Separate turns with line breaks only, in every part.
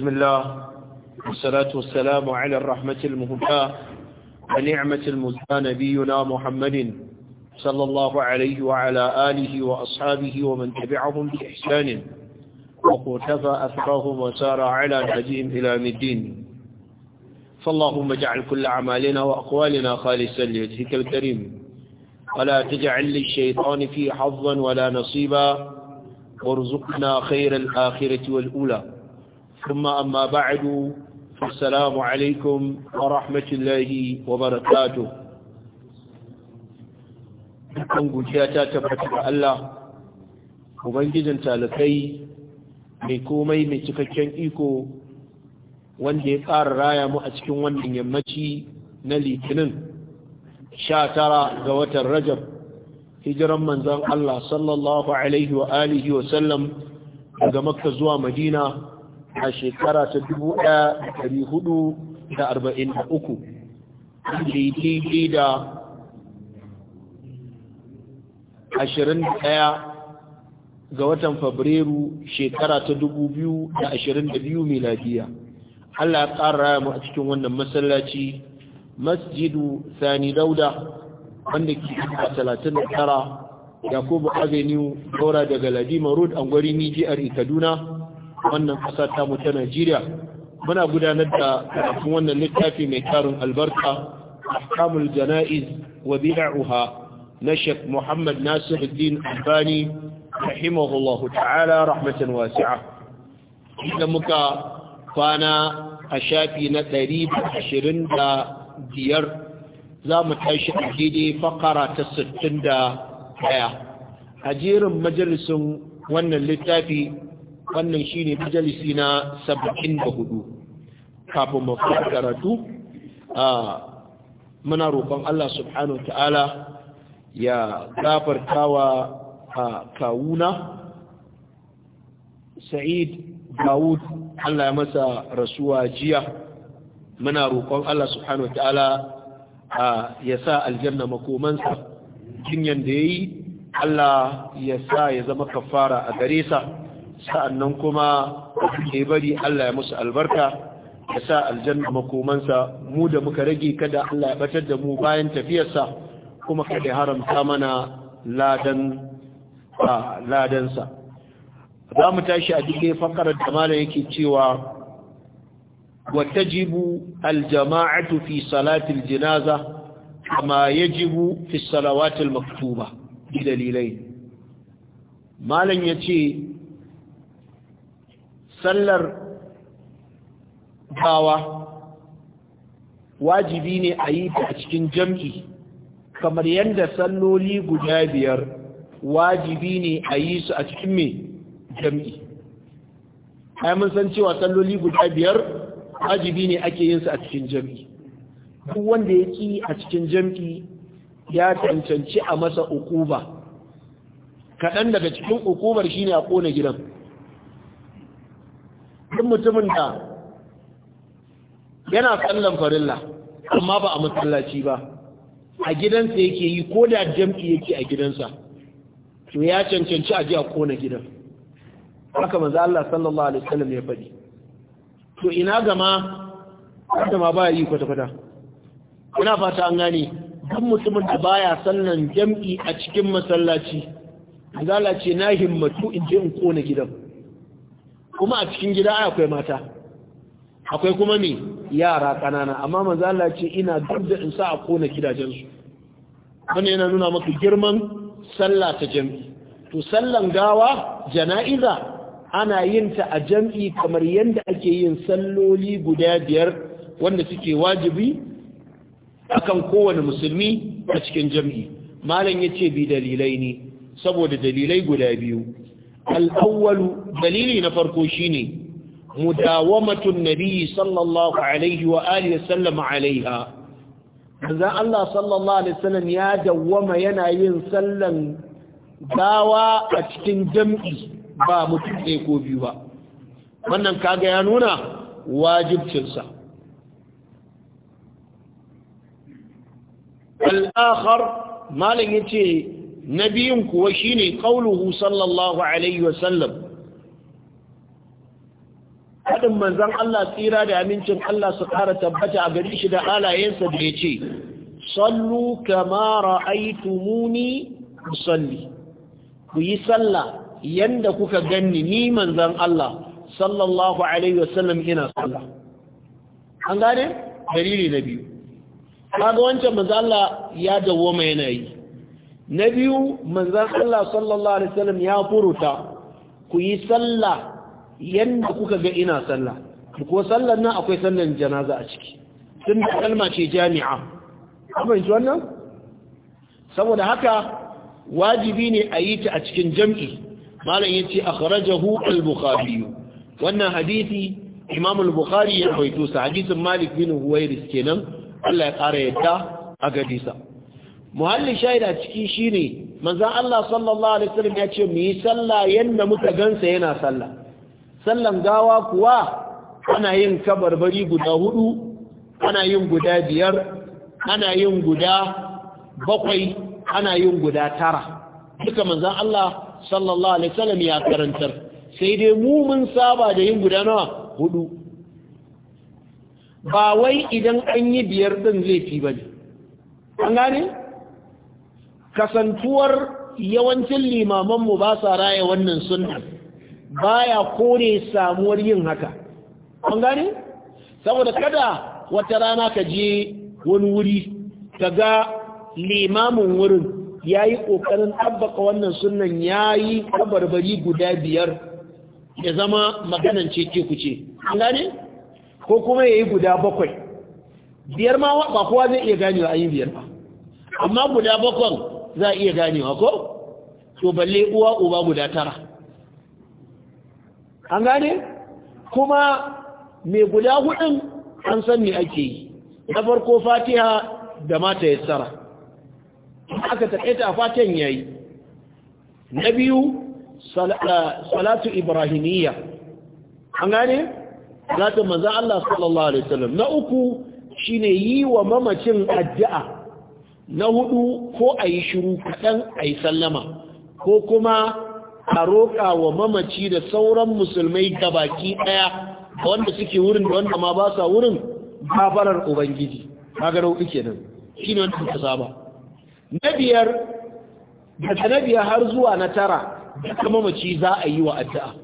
بسم الله والصلاة والسلام على الرحمة المهداة ونعمة المزهى نبينا محمد صلى الله عليه وعلى آله وأصحابه ومن تبعهم بإحسان وقتفى أثرهم وسار على نهجهم إلى مدين فاللهم اجعل كل أعمالنا وأقوالنا خالصا لوجهك الكريم ولا تجعل للشيطان في حظا ولا نصيبا وارزقنا خير الآخرة والأولى ثم أما بعد السلام عليكم ورحمة الله وبركاته dukkan gujiya ta tabbata ga Allah ubangijin talakai mai komai mai cikakken iko wanda ya ƙara raya mu a cikin wannan yammaci na litinin sha tara ga watan rajab hijiran manzan Allah sallallahu alaihi wa alihi wa sallam daga makka zuwa madina a shekara ta dubu ɗaya da ɗari hudu da arba'in da uku daidai da ashirin da ɗaya ga watan fabrairu shekara ta dubu biyu da ashirin da biyu miladiya Allah ya ƙara mu a cikin wannan masallaci masjidu sani dauda wanda ke a talatin da tara yakubu avenue daura daga ladima road gwari niger kaduna wannan ƙasa ta mu ta Najeriya muna gudanar da karatun wannan littafi mai tarin albarka ahkamul jana'iz wa bid'uha na Sheikh Muhammad Nasiruddin Albani rahimahullahu ta'ala rahmatan wasi'a idan muka kwana a shafi na 125 za mu tashi a daidai fakara ta 61 a jerin majalisun wannan littafi wannan shine majalisi na 74 kafin mu karatu a muna roƙon Allah subhanahu wa ta'ala ya gafartawa wa kawuna Sa'id Dawud Allah ya masa rasuwa jiya muna roƙon Allah subhanahu wa ta'ala ya sa aljanna makomansa jinyan da yayi Allah ya sa ya zama kafara a gare sa sa'annan kuma ke bari Allah ya musu albarka ya sa aljanna makomansa mu da muka rage kada Allah ya batar da mu bayan tafiyarsa kuma kada ya haramta mana ladan ladansa za mu tashi a duk fakarar da malam yake cewa وتجب الجماعة في صلاة jinaza كما jibu في maktuba, المكتوبة بدليلين ما لن يتي sallar gawa wajibi ne a yi ta a cikin jam'i kamar yadda salloli guda biyar wajibi ne a yi su a cikin mai jam'i ai mun san cewa salloli guda biyar wajibi ne ake yin su a cikin jam'i duk wanda ya ki a cikin jam'i ya cancanci a masa ukuba kaɗan daga cikin ukubar shine a ƙona gidan duk mutumin da yana sallan farilla amma ba a masallaci ba a gidansa yake yi ko da jam'i yake a gidansa to ya cancanci a ji a kona gidan haka manzo Allah sallallahu alaihi wasallam ya faɗi to ina gama wanda ma baya yi kwata-kwata ina fata an gane duk mutumin da baya sallan jam'i a cikin masallaci Allah ce na himmatu in je in kona gidan kuma a cikin gida akwai mata akwai kuma me yara kanana amma manzo ce ina duk da in sa a kona gidajen su wannan yana nuna maka girman sallah ta jam'i. to sallan gawa jana'iza ana yin ta a jam'i kamar yanda ake yin salloli guda biyar wanda suke wajibi akan kowane musulmi a cikin jam'i. malam yace bi dalilai ne saboda dalilai guda biyu al-awwalu dalili na farko shine mudawamatun nabi sallallahu alaihi wa alihi sallam alaiha manzo Allah sallallahu alaihi wasallam ya dawwama yana yin sallan dawa a cikin jam'i ba mutum ɗaya ko biyu ba wannan kaga ya nuna wajibcinsa
al'akhar
malin yace na biyun kuwa shine qauluhu sallallahu alaihi wasallam haɗin manzan Allah tsira da amincin Allah su ƙara tabbata a gari shi da halayensa da ya ce, Sallu kama aitu ku salli, ku yi sallah yadda kuka ganni ni manzan Allah, sallallahu Alaihi wasallam ina sallah. An gane? Dalili na biyu. Kaga wancan manzan Allah ya dawo yana yi. Na biyu, manzan Allah sallallahu Alaihi wasallam ya furuta, ku yi sallah yanda kuka ga ina sallah ko sallar nan akwai sallan janaza a ciki tun da kalma ce jami'a amince wannan saboda haka wajibi ne a yi ta a cikin jam'i malam yace akhrajahu al-bukhari wannan hadisi imam al-bukhari ya rawaito sa hadisin malik bin huwairis kenan Allah ya kara yadda a gadisa muhalli shaida ciki shine manzon Allah sallallahu alaihi wasallam ya ce mu yi sallah yanda muka gansa yana sallah sallan gawa kuwa ana yin kabarbari guda hudu ana yin guda biyar ana yin guda bakwai ana yin guda tara duka manzan Allah sallallahu alaihi wasallam ya karantar sai dai mu mun saba da yin guda nawa hudu ba wai idan an yi biyar din zai fi bane an gane kasantuwar yawancin limaman mu ba sa raye wannan sunna baya kore samuwar yin haka an gane saboda kada wata rana ka je wani wuri ka ga limamin wurin ya yi ƙoƙarin abaka wannan sunan ya yi kabarbari guda biyar ya zama maganan ceke kuce an gane ko kuma ya yi guda bakwai biyar ma ba kowa zai iya ganewa a yi biyar ba amma guda bakwai za a iya ganewa ko to balle uwa uba guda tara an gane kuma mai guda hudun an san me ake yi na farko fatiha da mata yassara aka taƙaita a fatan yayi na biyu salatu ibrahimiyya an gane zata manzan Allah sallallahu alaihi wasallam na uku shine yi wa mamacin addu'a na hudu ko ayi shiru a ayi sallama ko kuma a roƙa wa mamaci da sauran musulmai ga baki ɗaya wanda suke wurin da wanda ma ba sa wurin gafarar ubangiji ga nau'i kenan ne wanda ka saba na biyar daga na har zuwa na tara daga mamaci za a yi wa addu'a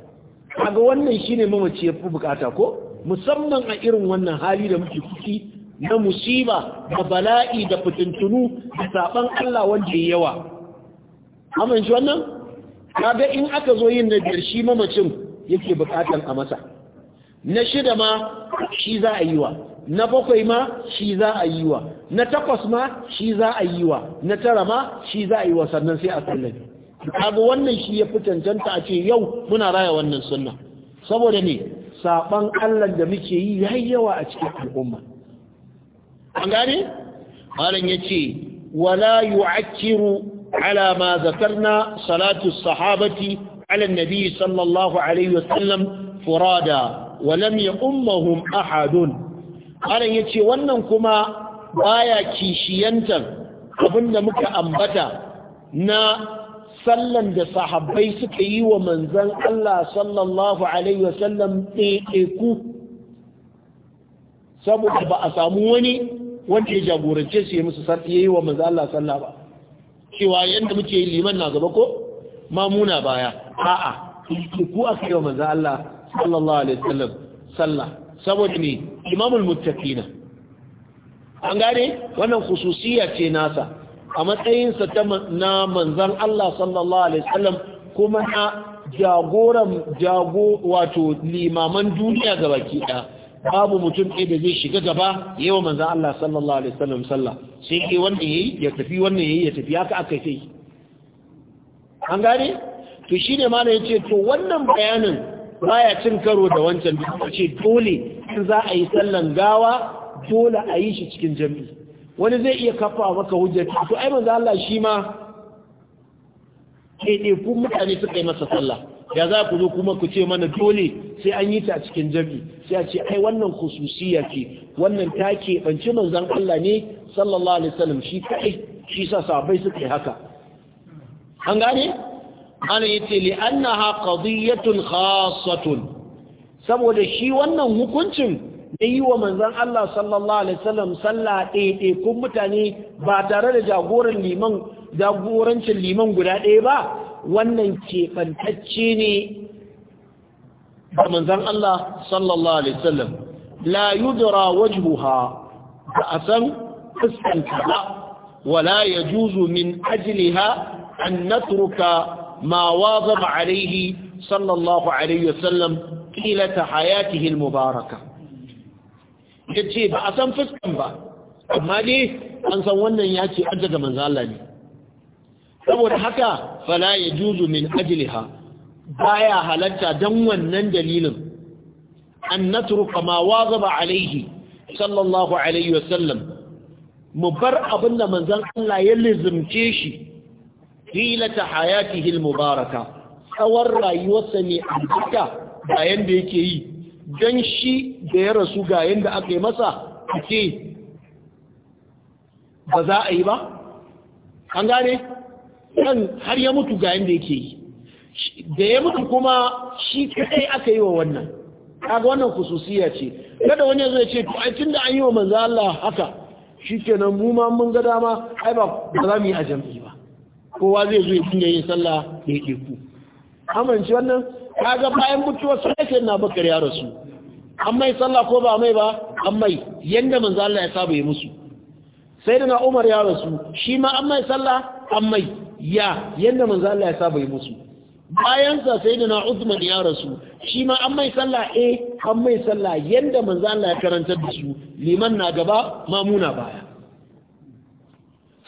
ga wannan shine mamaci ya fi bukata ko musamman a irin wannan hali da muke ciki na musiba da bala'i da fitintunu da saban Allah wanda ya yawa amince wannan kaga in aka zo yin na biyar shi mamacin yake bukatan a masa na shida ma shi za a yi wa na bakwai ma shi za a yi wa na takwas ma shi za a yi wa na tara ma shi za a yi wa sannan sai a sallabi kaga wannan shi ya fi cancanta a ce yau muna raya wannan sunna saboda ne saban Allah da muke yi ya yawa a cikin al'umma an gane malam yace wala yu'akkiru على ما ذكرنا صلاة الصحابة على النبي صلى الله عليه وسلم فرادا ولم يأمهم أحد قال يتي وننكما بايا كيشينتا أبن مك أنبتا نا sallan da sahabbai suka yi wa manzan Allah sallallahu Alaihi wasallam ɗaiɗaiku saboda ba a samu wani wanda ya jagorance su yi musu sarki ya yi wa manzan Allah sallah ba cewa yadda muke liman na gaba ko mamuna baya a'a ku aka yi wa manzo Allah sallallahu alaihi wasallam sallah saboda ne imamul muttaqina an gane wannan khususiyya ce nasa a matsayin sa ta na manzan Allah sallallahu alaihi wasallam kuma na jagoran jago wato limaman duniya gabaki ɗaya babu mutum ɗaya da zai shiga gaba wa manzan Allah sallallahu alaihi wasallam sallah sai ke ya yi ya tafi wannan yi ya tafi haka aka sai an gane to shi ne mana ya ce to wannan bayanin baya cin karo da wancan da ce dole in za a yi sallan gawa dole a yi shi cikin jam'i. wani zai iya kafa maka hujjar to ai manzan Allah shi ma ɗaiɗaikun mutane suka yi masa sallah ya za ku zo kuma ku ce mana dole sai an yi ta cikin jam'i. sai a ce ai wannan khususiyya ce wannan ta ke banci manzon Allah ne sallallahu alaihi wasallam shi kai shi sa sabai suka yi haka an gane ana yace li annaha qadiyatun khassatun saboda shi wannan hukuncin da yi wa manzon Allah sallallahu alaihi wasallam sallah ɗaya kun mutane ba tare da jagoran liman jagorancin liman guda ɗaya ba wannan keɓantacce ne da manzan Allah sallallahu alaihi wasallam la yudra wajhuha ba a san fuskanta ba wala yajuzu min ajliha an natruka ma wazaba alaihi sallallahu alaihi wasallam qilata mubaraka ya yace ba a san fuskan ba amma dai an san wannan ya ce an daga manzan Allah ne saboda haka fala yajuzu min ajliha baya halatta don wannan dalilin an natruka ma wazaba alaihi sallallahu alaihi wasallam mu bar abin da manzon Allah ya lizumce shi hilata hayatihi mubaraka. tsawon rayuwarsa ne a duka ga yanda yake yi don shi da ya rasu ga yanda aka yi masa ake ba za a yi ba an gane kan har ya mutu ga yanda yake yi da ya mutu kuma shi kadai aka yi wa wannan kaga wannan kususiya ce kada wani ya zai ce to ai tunda an yi wa manzo Allah haka shikenan mu ma mun ga dama ai ba za mu yi a jam'i ba kowa zai zo ya dinga yin sallah da ya ku amince wannan kaga bayan mutuwar sai na bakar ya rasu an mai sallah ko ba mai ba an mai yanda manzo Allah ya saba ya musu sai da na Umar ya rasu shi ma an mai sallah an mai ya yanda manzo Allah ya saba ya musu bayan sa sai da na Uthman ya rasu shi ma an mai sallah eh an mai sallah yanda manzo Allah ya karantar da su liman na gaba mamuna baya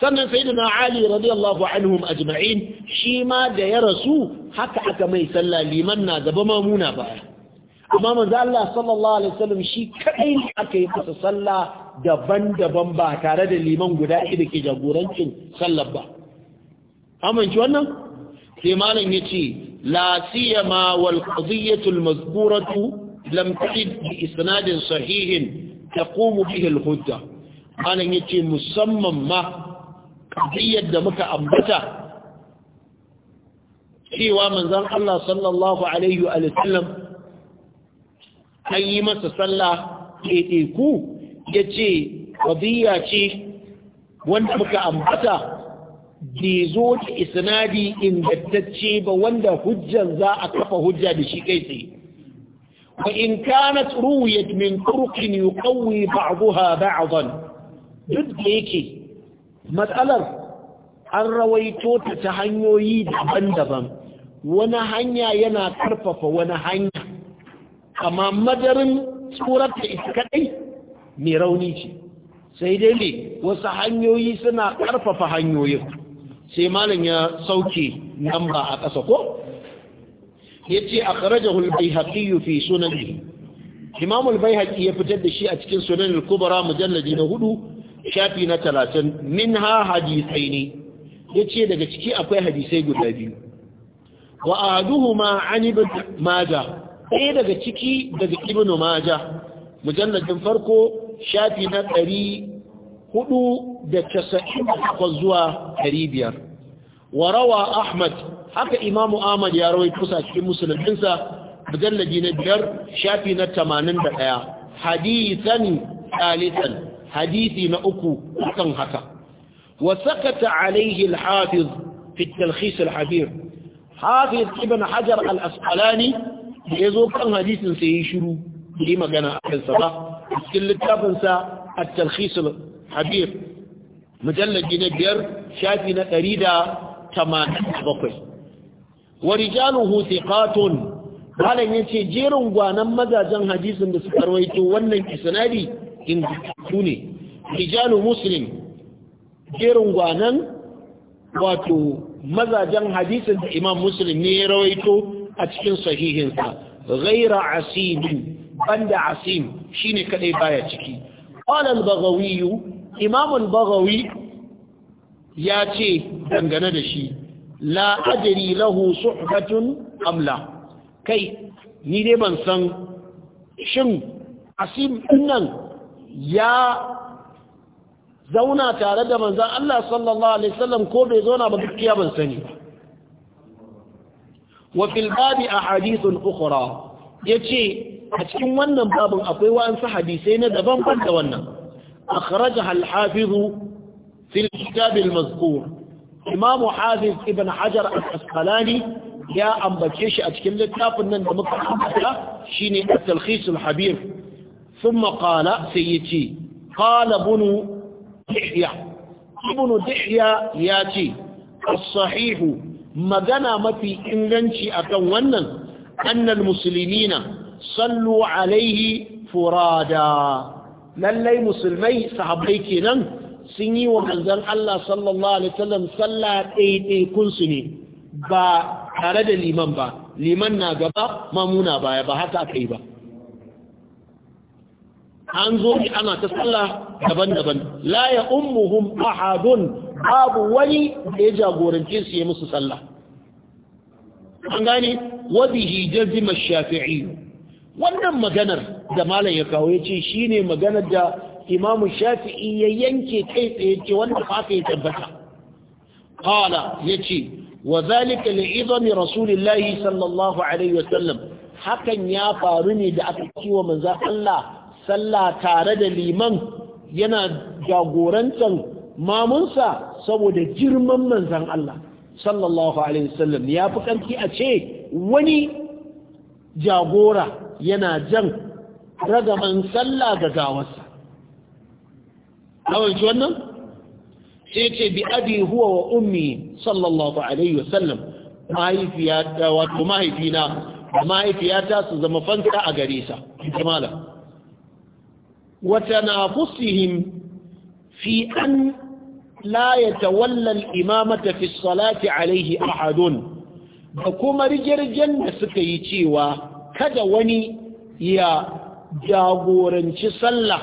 sannan sai da na Ali radiyallahu anhum ajma'in shi ma da ya rasu haka aka mai sallah liman na gaba mamuna baya amma manzo Allah sallallahu alaihi wasallam shi kadai aka yi masa sallah daban-daban ba tare da liman guda ɗaya da ke jagorancin sallar ba amince wannan sai malam yace la siyama wal qadiyatu al mazkuratu lam ta'id bi isnadin sahihin taqumu bihi al hujja malam yace musamman ma qadiyar da muka ambata cewa manzon Allah sallallahu alaihi wa sallam yi masa sallah ɗaiɗaiku ya ce ƙadiyya ce wanda muka ambata bai zo da isnadi ingantacce ba wanda hujjan za a kafa hujja da shi kai tsaye wa in kanat ruwiyat min turqin yuqawi ba'daha ba'dan duk da yake matsalar an rawaito ta ta hanyoyi daban-daban wani hanya yana karfafa wani hanya amma madarin tsorar da ita kadai mai rauni ce sai dai ne wasu hanyoyi suna karfafa hanyoyin sai malam ya sauke nan ba a ƙasa ko ya ce a ƙarajahul bai haƙiyu fi ne. imamul bai haƙi ya fitar da shi a cikin sunan kubara mujalladi na hudu shafi na talatin min ha hadisai ne ya ce daga ciki akwai hadisai guda biyu wa aduhu ma an ibn maja ɗaya daga ciki daga ibn maja mujalladin farko shafi na ɗari hudu da casa'in zuwa ɗari biyar. Wa rawa Ahmad, haka Imamu Ahmad ya rawai kusa cikin musulminsa, mujallabi na biyar, shafi na tamanin da ɗaya, hadithan talitan, hadithi na uku kan haka. wasakata sakata alaihi al-hafiz fit talkhis al-habir. Hafiz ibn Hajar al-Asqalani da ya zo kan hadisin sai ya shiru, bai magana a kansa ba, cikin littafinsa at talkhis habib mujallaji na biyar shafi na ɗari da tamanin da bakwai wa rijaluhu thiqatun malam yace jerin gwanan mazajen hadisin da suka rawaito wannan isnadi in su ne rijalu muslim jerin gwanan wato mazajen hadisin da imam muslim ne ya rawaito a cikin sahihinsa ghaira asim banda asim shine kadai baya ciki qala al-baghawi imam al-baghawi ya ce dangane da shi la lahu suhbatun amla kai ni dai ban san shin asim nan ya zauna tare da manzan Allah sallallahu ko bai zauna ba gaskiya bansani sani ba wa fil babi ahadithun ukhra yace a cikin wannan babin akwai wa'ansu hadisai na daban ban da wannan akhrajaha al-hafiz fi al-kitab al-mazkur imam hafiz ibn hajar al-asqalani ya ambace shi a cikin littafin nan da muka ambata shine at-talkhis al-habir thumma qala sayyidi qala bunu ihya ibnu dihya ya ce as-sahihu magana mafi inganci akan wannan annal muslimina sallu alaihi furada lallai musulmai sahabbai kenan sun yi wa manzon Allah sallallahu alaihi wasallam sallah ɗaiɗaikun su ne ba tare da liman ba liman na gaba mamuna baya ba haka aka yi ba an zo ne ana ta sallah daban-daban la ya ummuhum ahadun babu wani da ya jagorance su yi musu sallah an gane wa bihi jazima shafi'i wannan maganar da malam ya kawo ya ce shi ne maganar da imamu shafi'i ya yanke kai tsaye ce wanda haka ya tabbata kala ya ce wa zalika li'izami rasulillahi sallallahu alaihi sallam, hakan ya faru ne da aka kiwa manzan Allah sallah tare da liman yana jagorantar mamunsa saboda girman manzan Allah sallallahu alaihi wasallam ya fi kanti a ce wani jagora yana jan ragaman sallah ga gawarsa awanci wannan sai ce bi abi huwa wa ummi sallallahu alaihi wasallam mahaifiyata wato mahaifina da mahaifiyata su zama fanka a gare sa jamala na tanafusihim fi an la yatawalla al-imamata fi as-salati alaihi ahadun da kuma rigirgen da suka yi cewa kada wani ya jagoranci sallah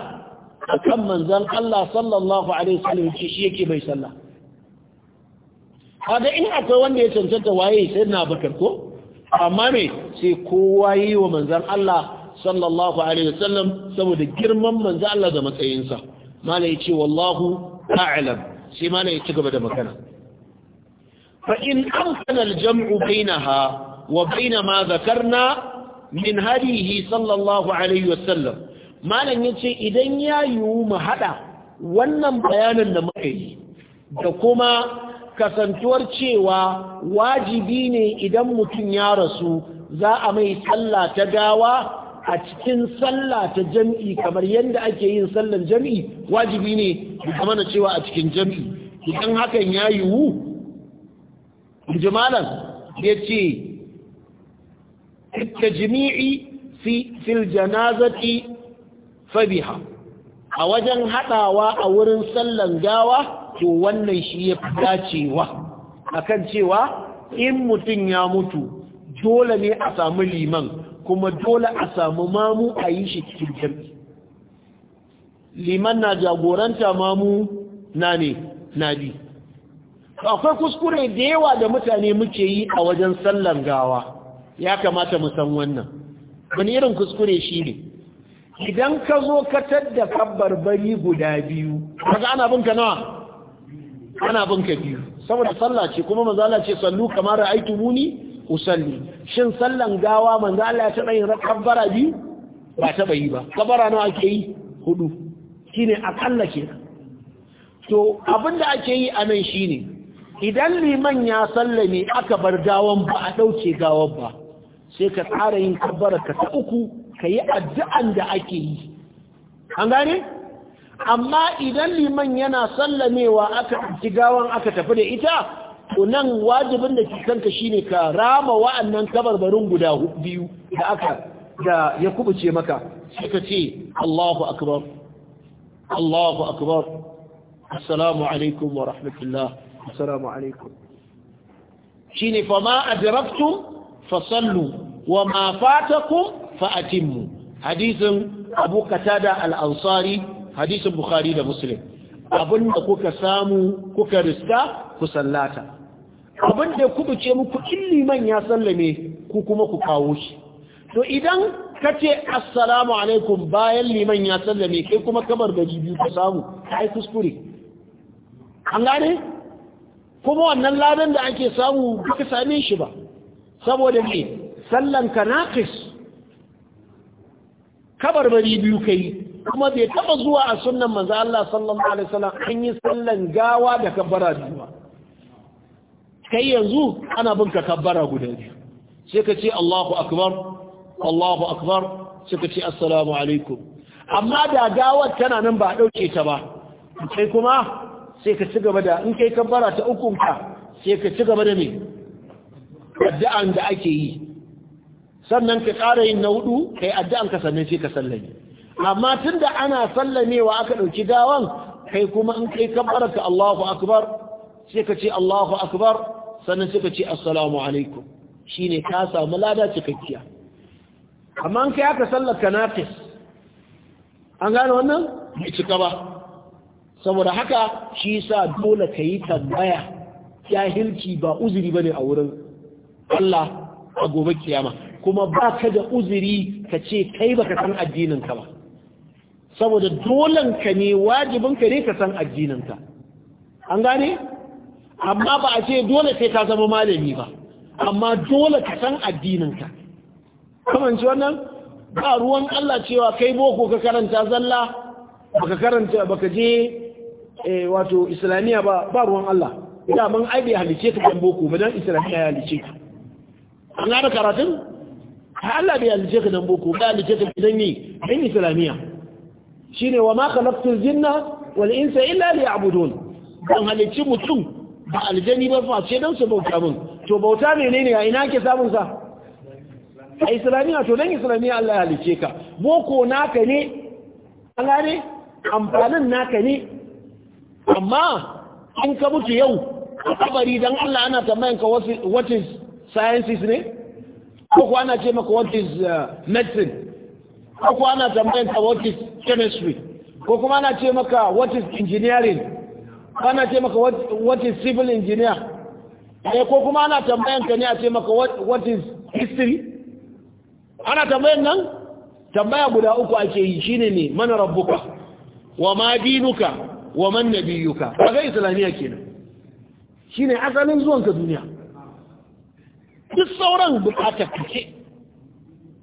a kan manzan Allah sallallahu alaihi wasallam shi yake bai sallah kaga ina akwai wanda ya cancanta waye sai na bakar ko amma me sai kowa yi wa manzan Allah sallallahu alaihi wasallam saboda girman manzan Allah da matsayinsa mala yace wallahu a'lam sai mala ya ci gaba da makana. fa in amkana sanar jamu bainaha wa Baina ma dhakarna min hadihi sallallahu alaihi wasallam malam yace idan ya yiwu mu hada wannan bayanin da muke yi da kuma kasantuwar cewa wajibi ne idan mutum ya rasu za a mai sallah ta gawa a cikin sallah ta jami'i kamar yadda ake yin sallan jami'i. wajibi ne mana cewa a cikin jami'i idan hakan ya yiwu jimalan ya ce التجميع في في الجنازة فبها a wajen haɗawa a wurin sallan gawa to wannan shi ya fi dacewa akan cewa in mutum ya mutu dole ne a samu liman kuma dole a samu mamu a yi shi cikin jam'i liman na jagoranta mamu na ne na bi akwai kuskure da yawa da mutane muke yi a wajen sallan gawa ya kamata mu san wannan wani irin kuskure shi ne idan ka zo ka tadda kabbar bari guda biyu kaga ana binka nawa ana binka biyu saboda sallah ce kuma manzo Allah ce sallu kamar ra'aytumuni usalli shin sallan gawa manzo Allah ya taba yin kabbara biyu ba taba yi ba kabbara nawa ake yi hudu shine akalla ke? to abinda ake yi nan shine idan liman ya sallame aka bar gawan ba a dauke gawan ba sai ka tsara yin kabbara ka ta uku ka yi addu'an da ake yi an gane amma idan liman yana sallamewa aka ɗauki gawan aka tafi da ita unan wajibin da ke kanka shine ka rama wa'annan kabarbarin guda biyu da aka da ya kubuce maka sai ka ce Allahu akbar Allahu akbar assalamu alaikum wa rahmatullah assalamu alaikum shine fa ma adraktum fasallu wa ma fatakum fa atimmu hadisin Abu katada al-Ansari hadisin Bukhari da Muslim abinda kuka samu kuka riska ku sallata abinda kuka ce muku Liman ya sallame ku kuma ku kawo shi to idan kace assalamu alaikum bayan liman ya sallame kai kuma kamar gaji biyu ku samu kai kuskure an gane kuma wannan ladan da ake samu kuka same shi ba saboda me sallanka naqis bari biyu kai kuma bai taba zuwa a sunnan manzo Allah sallallahu alaihi wasallam an yi sallan gawa da kabbara biyu kai yanzu ana bin ka kabbara guda biyu sai ka ce Allahu akbar Allahu akbar sai ka ce assalamu alaikum amma da gawar tana nan ba dauke ta ba sai kuma sai ka ci gaba da in kai kabbara ta ukunka sai ka ci gaba da me addu'an da ake yi sannan ka ƙara yin na hudu kai addu'an ka sannan sai ka sallame amma tunda ana sallamewa aka ɗauki gawan kai kuma in kai kabbara ka Allahu akbar sai ka ce Allahu akbar sannan sai ka ce assalamu alaikum shine ka samu lada cikakkiya amma in kai aka sallar ka naqis an gane wannan bai cika ba saboda haka shi sa dole ka yi tambaya jahilci ba uzuri bane a wurin Allah a gobe kiyama kuma ba ka da uziri ka ce kai ba ka san addininka ba saboda dolanka ne wajibinka ne ka san addininka an gane amma ba a ce dole sai ka zama malami ba amma dole ka san addininka kamanci wannan ba ruwan Allah cewa kai boko ka karanta zalla baka karanta baka je eh, wato islamiyya ba ba ruwan Allah daman ai bai halice ka kan boko ba dan ya halice ka an gane karatun Allah bai halice ka dan boko bai halice ka dan yi dan islamiya shine wa ma khalaqtul jinna wal insa illa liya'budun dan halici mutum ba aljani ba fa ce dan su bauta mun to bauta menene a ina ke samun sa a islamiya to dan islamiya Allah ya halice ka boko naka ne an gane amfanin naka ne amma in ka mutu yau a kabari dan Allah ana tambayan ka what is sciences ne ko ko ana ce maka what is uh, medicine ko ko ana tambayan ka what is chemistry ko kuma ana ce maka what is engineering ko ana ce maka what is civil engineer eh ko kuma ana tambayan ka ne a ce maka what is history ana tambayan nan tambaya guda uku ake yi shine ne man rabbuka wa ma dinuka wa man nabiyuka ga islamiyya kenan shine asalin zuwanka duniya duk sauran bukatar ka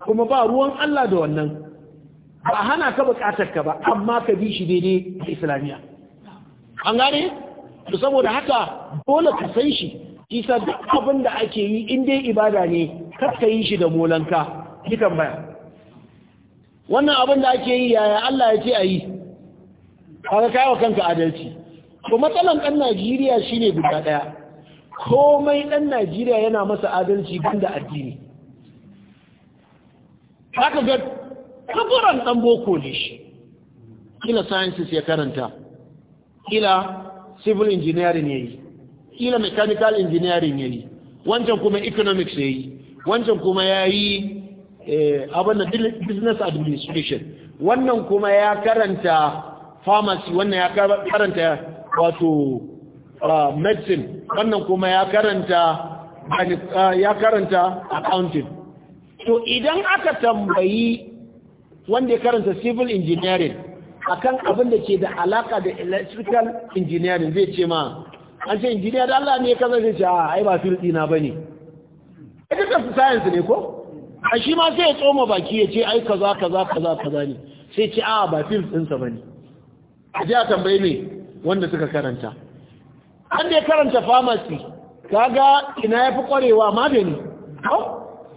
kuma ba ruwan Allah da wannan ba hana ka bukatar ka ba amma ka bi shi daidai da islamiyya an gane to saboda haka dole ka san shi isa duk abin da ake yi in dai ibada ne kar ka yi shi da molanka kitan baya wannan abin da ake yi yaya Allah ya ce a yi kaga kai wa kanka adalci to matsalan ɗan Najeriya shine guda ɗaya komai ɗan najeriya yana masa adalci banda addini haka ga kaburan ɗan boko ne shi kila sciences ya karanta kila civil engineering ya yi kila mechanical engineering ya yi wancan kuma economics ya yi wancan kuma ya yi eh, abin da business administration wannan kuma ya karanta pharmacy wannan ya karanta wato Uh, medicine wannan kuma ya karanta uh, ya karanta accounting to idan aka tambayi wanda ya karanta civil engineering akan abin da ke da alaka da electrical engineering zai ce ma an ce engineer da Allah ne ya kaza zai ce a ai ba fildi na bane ita ta science ne ko a shi ma sai ya tsoma baki ya ce ai kaza kaza kaza kaza ne sai ce a ba field din bane a ji a tambayi me wanda suka karanta da ya karanta pharmacy kaga ina ya fi kwarewa magani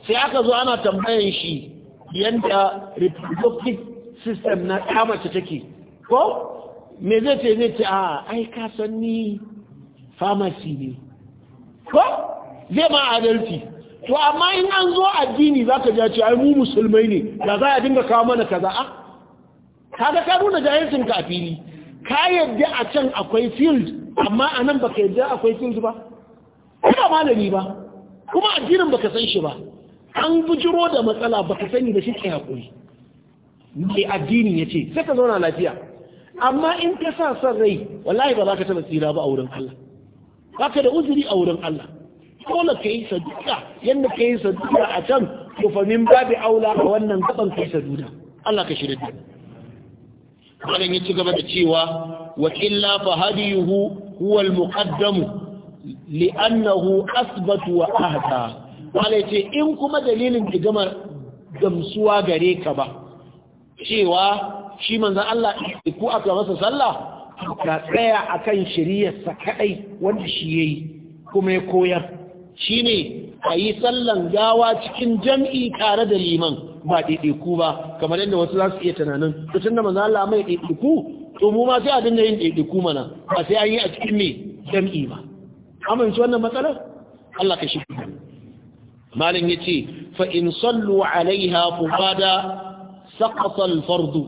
sai aka zo ana tambayan shi yadda reproductive system na kamata take ko me zai ce zai ce a aika son ni pharmacy ne ko zai ma adalci to amma in an zo addini za ka ce ai mu musulmai ne da za a dinga kawo mana kaza a ah, kaga ka nuna jahilcin ka sun kafiri. ka yadda a can akwai field amma a nan baka yadda akwai fiqh ba kuma malami ba kuma addinin baka san shi ba an bujiro da matsala baka sani da shi ke haƙuri mai addini ya ce sai ka zauna lafiya amma in ka sa son rai wallahi ba za ka taɓa tsira ba a wurin Allah ba ka da uzuri a wurin Allah dole ka yi saduka yadda ka yi saduka a can to babu aula a wannan gaban ka yi saduka Allah ka shirya Wannan ya ci gaba da cewa wa illa fa hadiyuhu huwa al-muqaddamu li'annahu asbatu wa ce in kuma dalilin ki gama gamsuwa gare ka ba cewa shi manzon Allah ku aka masa sallah ka tsaya akan shiriyarsa kadai wanda shi yayi kuma ya koyar shine ayi sallan gawa cikin jam'i tare da liman ba ɗaiɗaiku ba kamar yadda wasu za su iya tunanin tutun da manzon Allah mai ɗaiɗaiku to mu ma sai a dinga yin ɗaiɗiku mana ba sai an yi a cikin mai jam'i ba amince wannan matsalar Allah ka shi malin ya ce fa in sallu alaiha fubada saqatal fardu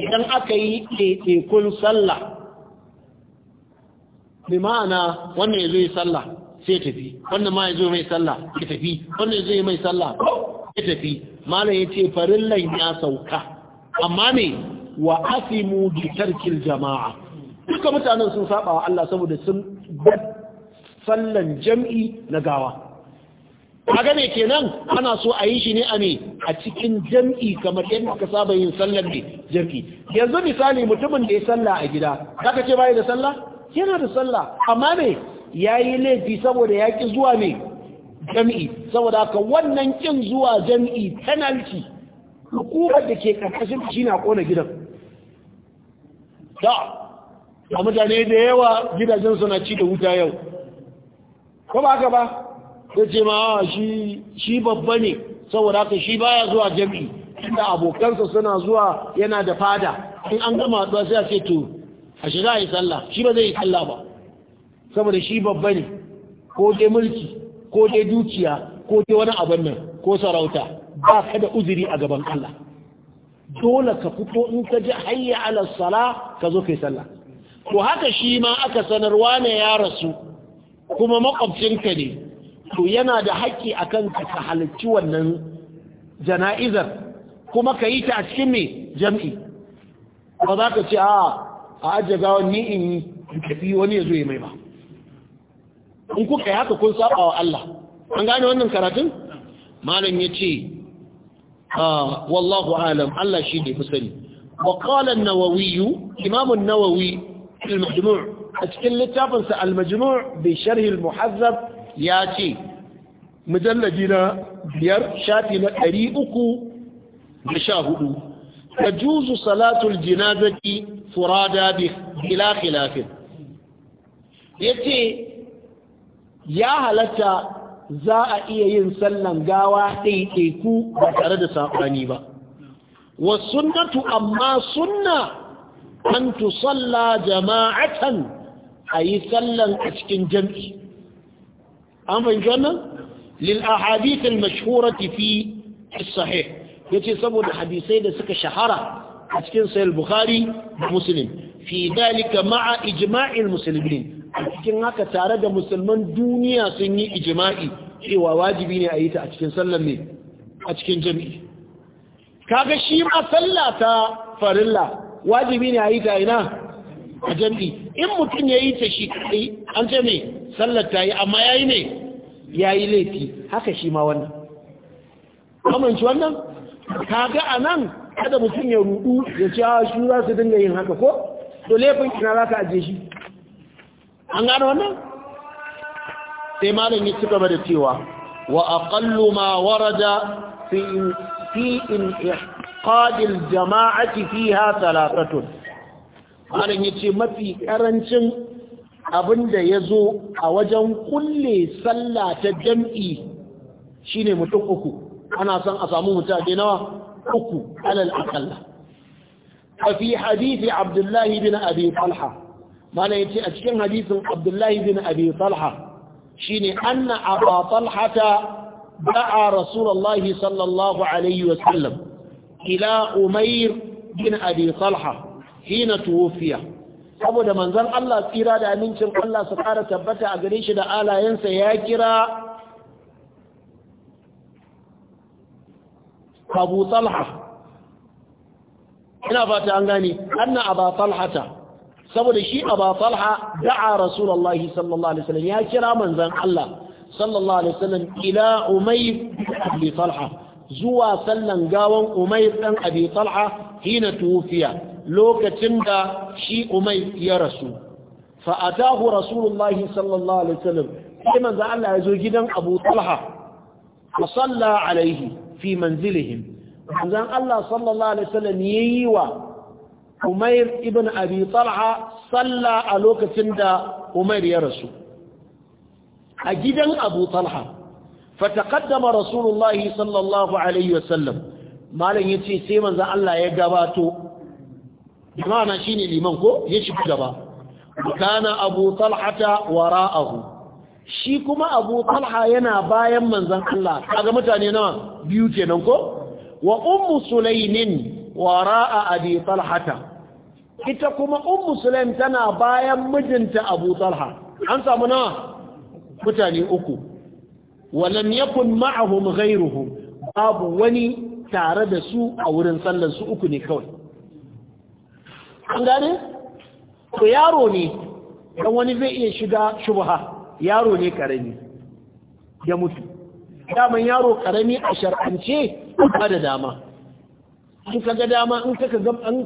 idan aka yi ɗaiɗikun sallah bi ma'ana wannan yazo yi sallah sai tafi wannan ma yazo mai sallah ya tafi wannan yazo mai sallah ya tafi malin ya ce farillan ya sauka amma me wa asimu bi tarkil jama'a duka mutanen sun saba wa Allah saboda sun sallan jam'i na gawa kaga me kenan ana so a yi shi ne a me a cikin jam'i kamar yadda ka saba yin sallar ne jam'i yanzu misali mutumin da ya salla a gida zaka ce bai da salla? yana da salla amma me yayi laifi saboda yaki zuwa ne jam'i saboda haka wannan kin zuwa jam'i penalty hukumar da ke karkashin shi na kona gidan da a mutane da yawa gidajen suna ci da wuta yau ko ba ka ba ko ce ma ah, shi babba ne saboda haka shi baya zuwa jam'i inda abokansa suna zuwa yana da fada in an gama haɗuwa sai a ce to a shiga yi sallah shi ba zai yi sallah ba saboda shi babba ne ko dai mulki ko dai dukiya ko dai wani abin nan ko sarauta ba ka da uzuri a gaban Allah dole ka fito in ka ji hayya ala sala ka zo kai sallah to haka shi ma aka sanarwa ne ya rasu kuma makwabcinka ne to yana da haƙƙi akan ka ka halarci wannan jana'izar kuma ka yi ta a cikin mai jam'i ba za ka ce a a ajiye gawan ni in yi tafi wani ya zo ya mai ba in kuka yi haka kun saɓa wa Allah an gane wannan karatun malam ya ce wallahu alam Allah shi ne fusani wa qala an-nawawi imam an-nawawi fil majmu' a cikin littafin sa al-majmu' bi sharh al-muhazzab ya ce mujalladi na biyar shafi na 314 tajuzu salatu al-janazati furada bi bila khilaf yace ya halatta za a iya yin sallan gawa ɗaiɗaiku ba tare da saɓani ba wasunnatu amma sunna an salla jama'atan a yi sallan a cikin jam'i an fahimci wannan lil ahadith al mashhurati fi Ya ce saboda hadisai da suka shahara a cikin sayar bukhari da muslim fi dalika ma'a ijma'il Musulmi. a cikin haka tare da musulman duniya sun yi ijima'i cewa wajibi ne a yi ta a cikin sallar ne a cikin jami'i kaga shi ma sallah ta farilla wajibi ne a yi ta ina a jami'i in mutum ya yi ta shi kai an ce ne sallar ta yi amma ya yi ne ya yi laifi haka shi ma wannan kamanci wannan kaga a nan kada mutum ya rudu ya ce a ah, shi za su dinga yin haka ko to laifin ina za ka ajiye shi an gano wannan sai malam ya ci gaba da cewa wa aqallu ma warada fi fi in ihqadil jama'ati fiha thalathatun malam ya ce mafi karancin abinda yazo a wajen kulle sallah ta jam'i shine mutum uku ana son a samu mutane nawa uku alal akalla fa hadisi abdullahi bin abi talha mana yace a cikin hadisin Abdullahi bin Abi Talha shine anna Abu Talha da'a Rasulullahi sallallahu alaihi sallam? ila Umair bin Abi Talha hina tuwfiya saboda manzon Allah tsira da amincin Allah su fara tabbata a gare shi da alayensa ya kira Abu Talha ina fata an gane anna Abu saboda shi aba talha da'a rasulullahi sallallahu alaihi wasallam ya kira manzan Allah sallallahu alaihi wasallam ila umayr bi talha zuwa sallan gawan umayr dan abi talha hina tufiya lokacin da shi umayr ya rasu fa atahu rasulullahi sallallahu alaihi wasallam sai manzan Allah ya zo gidan abu talha wa salla alaihi fi manzilihim manzan Allah sallallahu alaihi wasallam yayi wa umair ibn abi talha salla a lokacin da umair ya rasu a gidan abu talha fataqaddama rasulullahi sallallahu alaihi wasallam malam yace sai manzon Allah ya gabato shi ne liman ko ya shiga gaba kana abu ta wara wara'ahu shi kuma abu talha yana bayan manzan Allah kaga mutane nawa biyu kenan ko wa ummu wara a abi ta. ita kuma ummu tana bayan mijinta abu talha an samu nawa mutane uku walam yakun ma'ahum ghayruhum babu wani tare da su a wurin sallar su uku ne kawai an gane to yaro ne dan wani zai iya shiga shubha yaro ne karami ya mutu daman yaro karami a shar'ance ba da dama in ka ga dama in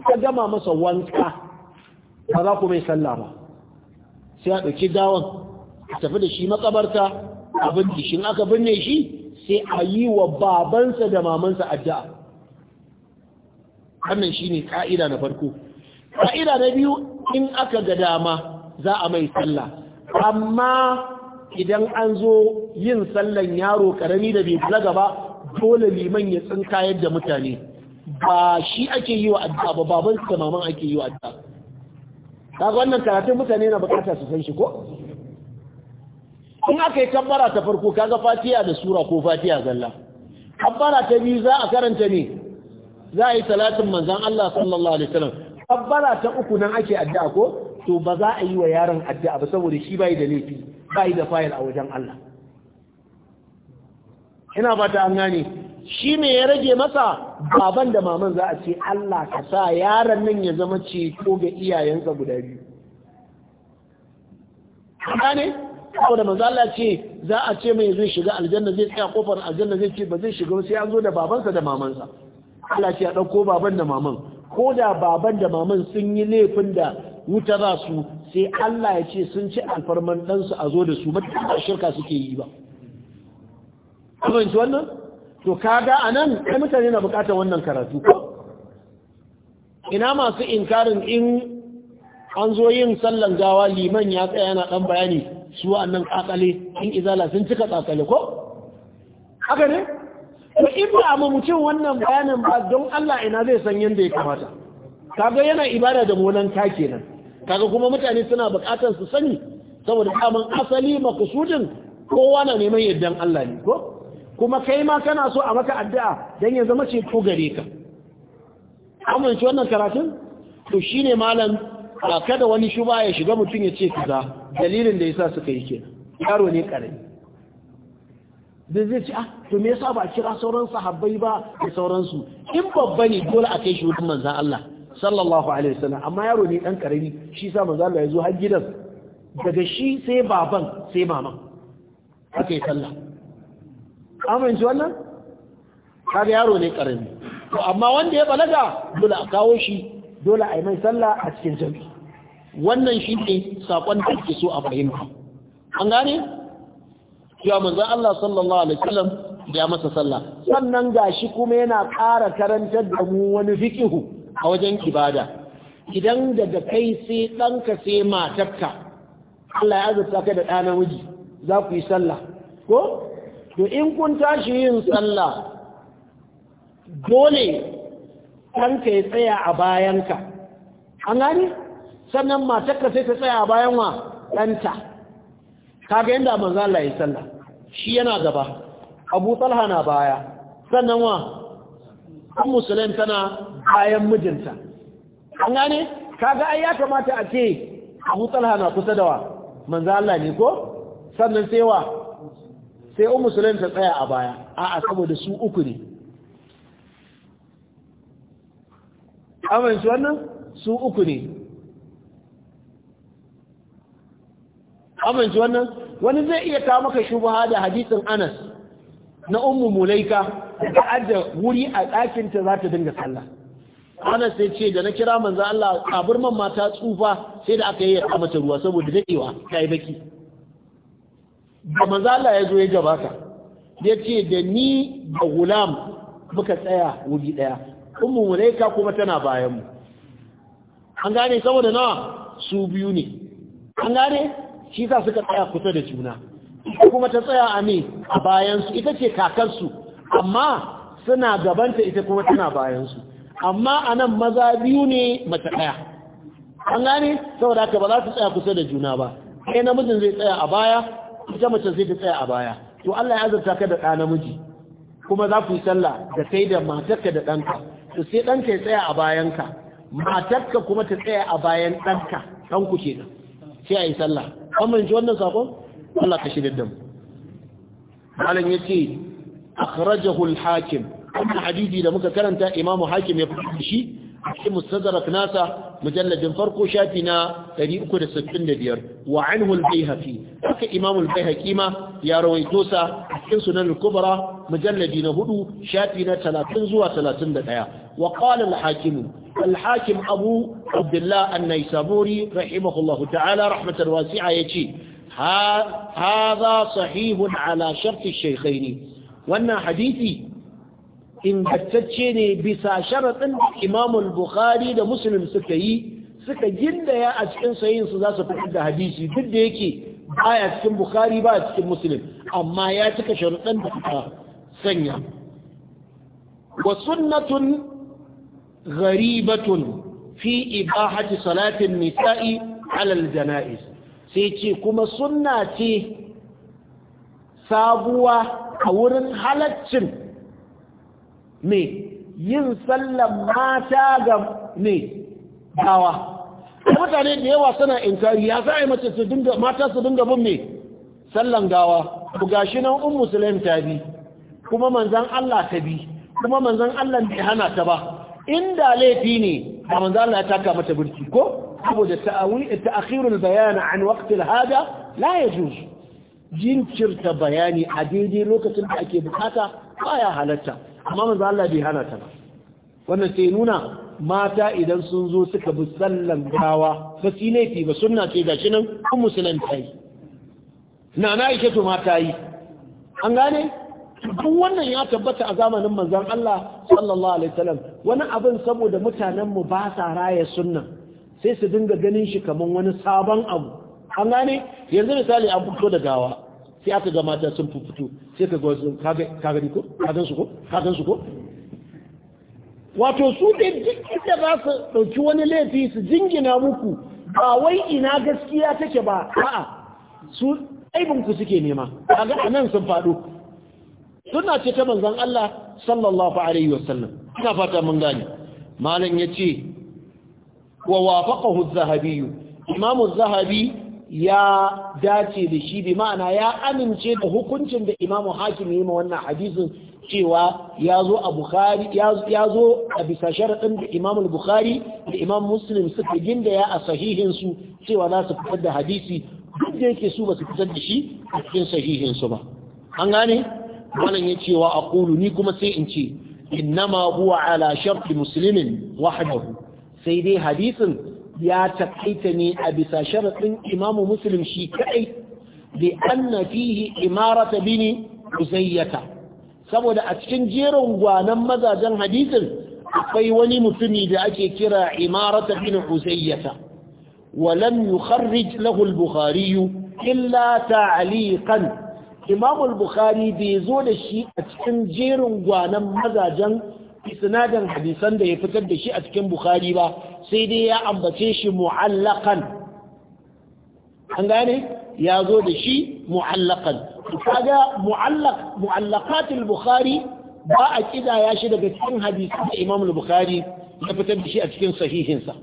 ka gama masa wanka ba za ku mai sallah ba sai a ɗauki dawan, a tafi da shi makabarta a binne shi aka binne shi sai a yi wa babansa da mamansa addu'a wannan shine ka'ida na farko ka'ida na biyu in aka ga dama za a mai sallah amma idan an zo yin sallan yaro karami da bai bulaga ba dole liman ya tsinka yadda mutane ba shi ake yi wa addu'a ba baban da ake yi wa addu'a kaga wannan karatun mutane na bukata su san shi ko in aka yi kabbara ta farko kaga fatiha da sura ko fatiha zalla kabbara ta biyu za a karanta ne za a yi talatin manzan Allah sallallahu alaihi wasallam kabbara ta uku nan ake addu'a ko to ba za a yi wa yaron addu'a ba saboda shi bai da laifi bai da fayil a wajen Allah ina fata an gane shi ne ya rage masa baban da maman za a ce Allah ka sa yaron nan ya zama ceto ga iyayensa guda biyu haka ne da maza Allah ce za a ce mai zai shiga aljanna zai tsaya kofar aljanna zai ce ba zai shiga sai an zo da babansa da mamansa Allah ce a dauko baban da maman ko da baban da maman sun yi laifin da wuta za su sai Allah ya ce sun ci alfarman ɗansu a zo da su matuƙa shirka suke yi ba. Kuma wannan? to kaga anan kai mutane na bukatar wannan karatu ina masu inkarin in an zo yin sallan gawa liman ya tsaya na dan bayani su wa'annan kakale in izala sun cika kakale ko haka ne to in ba mu mutum wannan bayanin ba don Allah ina zai san yanda ya kamata kaga yana ibada da molan ta kenan kaga kuma mutane suna bukatar su sani saboda kaman asali makusudin kowa na neman yaddan Allah ne ko kuma kai ma kana so a maka addu'a dan ya zama ce ko gare ka amince wannan karatun to shine malam ba kada wani shuba ya shiga mutum ya ce kaza dalilin da yasa suka yi ke. yaro ne karami da zai ce ah to me yasa ba a kira sauran sahabbai ba da sauransu in babba ne dole a kai shi wurin manzon Allah sallallahu alaihi wasallam amma yaro ne dan karami shi sa manza Allah ya zo har gidan daga shi sai baban sai maman yi sallah amince wannan kaga yaro ne karami to amma wanda ya balaga dole a kawo shi dole a yi mai sallah a cikin jami'i wannan shi ne sakon da ake so a fahimta an gane ya manzon Allah sallallahu alaihi wasallam ya masa sallah sannan gashi kuma yana ƙara karantar da mu wani fikihu a wajen ibada idan daga kai sai ɗanka sai matarka Allah ya azurta kai da ɗa namiji za ku yi sallah ko to in kun tashi yin sallah dole ɗanka ya tsaya a bayanka an gani sannan matarka sai ta tsaya a bayan wa ɗanta kaga yadda manzala ya sallah shi yana gaba abu talha na baya sannan wa an musulun tana bayan mijinta an gane kaga ai ya kamata a ce abu talha na kusa da wa manzala ne ko sannan sai wa sai ummu sulaim ta tsaya a baya a'a saboda su uku ne amince wannan su uku ne amince wannan wani zai iya ta maka shubha da hadisin Anas na umu mulaika da ajiyar wuri a ɗakin ta za ta dinga sallah Anas sai ce da na kira manzan Allah kaburman mata tsufa sai da aka yi ya mata ruwa saboda daɗewa ta yi baki da mazala ya zo ya gabata ya ce da ni da gulam muka tsaya wuri daya Kuma mulaika kuma tana bayan mu an gane saboda nawa su biyu ne an gane shi sa suka tsaya kusa da juna kuma ta tsaya a ne a bayansu ita ce kakansu. amma suna gabanta ita kuma tana bayansu amma a nan maza biyu ne mata ɗaya an gane saboda haka ba za su tsaya kusa da juna ba ɗaya namijin zai tsaya a baya ita mace zai ta tsaya a baya to Allah ya azurta ka da ɗa namiji kuma za ku yi sallah da kai da matarka da ɗanka to sai ɗanka ya tsaya a bayanka matarka kuma ta tsaya a bayan ɗanka ɗanku ke da sai a yi sallah an ji wannan sakon Allah ka shirya da mu malam ya ce akhrajahu al-hakim wannan hadisi da muka karanta imamu hakim ya fi shi a cikin mustadrak nasa mujalladin farko shafi na 365 wa anhu al-bayhaqi haka imam al-bayhaqi ma ya rawaito sa a sunan al-kubra mujalladi na 4 shafi na 30 zuwa 31 da qala al-hakim al-hakim abu abdullah an-naisaburi ta'ala rahmatan wasi'a yace hadha sahihun ala shart ash-shaykhayn wannan hadisi ingantacce ne bisa sharaɗin da imamul bukhari da muslim suka yi suka gindaya a cikin sayinsu za su fitar da hadisi duk da yake baya cikin bukhari ba cikin muslim amma ya cika sharaɗin da suka sanya wa sunnatun gharibatun fi ibahati salatin nisa'i alal janaiz sai ce kuma sunna ce sabuwa a wurin halaccin me yin sallan mata ga me dawa mutane da yawa suna inkari ya za a mace mata su dinga bin mai sallan gawa ku gashi nan un musulun ta bi kuma manzan Allah ta bi kuma manzan Allah bai hana ta ba inda laifi ne da manzan Allah ya taka mata burki ko saboda ta'awil bayani bayan an waqtil hada la yajuz jinkirta bayani a daidai lokacin da ake bukata baya halatta amma manzo Allah bai hana ta ba wannan sai nuna mata idan sun zo suka bi sallan gawa ba su laifi ba sunna ce gashi nan kun musulun ta yi na na aisha to mata yi an gane duk wannan ya tabbata a zamanin manzon Allah sallallahu alaihi wasallam wani abin saboda mutanen mu ba sa raya sunna sai su dinga ganin shi kaman wani sabon abu an gane yanzu misali an fito da gawa sai aka ga mata sun fito sai ka ga wasu ko kagan su ko su ko wato su ne duk da za su ɗauki wani laifi su jingina muku ba wai ina gaskiya take ba a'a su aibinku suke nema kaga anan sun faɗo suna ce ta manzon Allah sallallahu alaihi wasallam ina fata mun gane malam yace wa wafaqahu az-zahabi imamu az-zahabi ya dace da shi bi ma'ana ya amince da hukuncin da imamu hakim ya yi ma wannan hadisin cewa ya zo a bukhari ya zo a bisa sharaɗin da imam bukhari da imam muslim suka gindaya a sahihinsu cewa za su fitar da hadisi duk da yake su ba su fitar da shi a cikin sahihinsu ba an gane wannan ya cewa a kulu ni kuma sai in ce innama huwa ala sharti muslimin wahdahu sai dai hadisin ya takaita ne a bisa sharaɗin imamu musulun shi kaɗai da anna fihi imarata bini uzayyata saboda a cikin jerin gwanan mazajen hadisin akwai wani mutumi da ake kira imarata bini uzayyata illa يخرج imamul البخاري إلا تعليقا zo da shi a cikin jerin gwanan مزاجا isnadin hadisan da ya fitar da shi a cikin bukhari ba sai dai ya ambace shi mu'allakan an gane ya zo da shi mu'allakan kaga mu'allaq bukhari ba a kidaya shi daga cikin hadisan da imam al-bukhari ya fitar da shi a cikin sahihinsa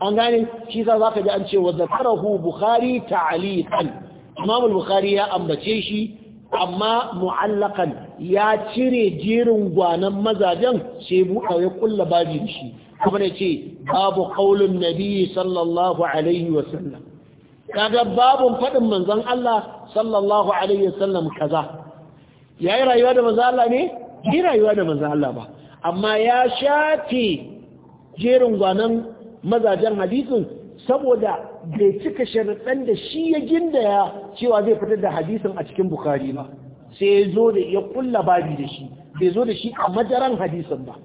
an gane shi za zaka ji an ce wa zakarahu bukhari ta'aliqan imam al-bukhari ya ambace shi amma mu'allakan ya cire jerin gwanan mazajen sai buɗa ya kulla baji da shi kuma ne ce babu qaulun nabi sallallahu alaihi wa sallam kaga babun faɗin manzon Allah sallallahu alaihi wa sallam kaza yayi rayuwa da manzon Allah ne yi rayuwa da manzon Allah ba amma ya shafi jerin gwanan mazajen hadisin saboda bai cika sharaɗan da shi ya gindaya cewa zai fitar da hadisin a cikin bukari ba sai ya zo da ya kulla babi da shi bai zo da shi a madaran hadisin ba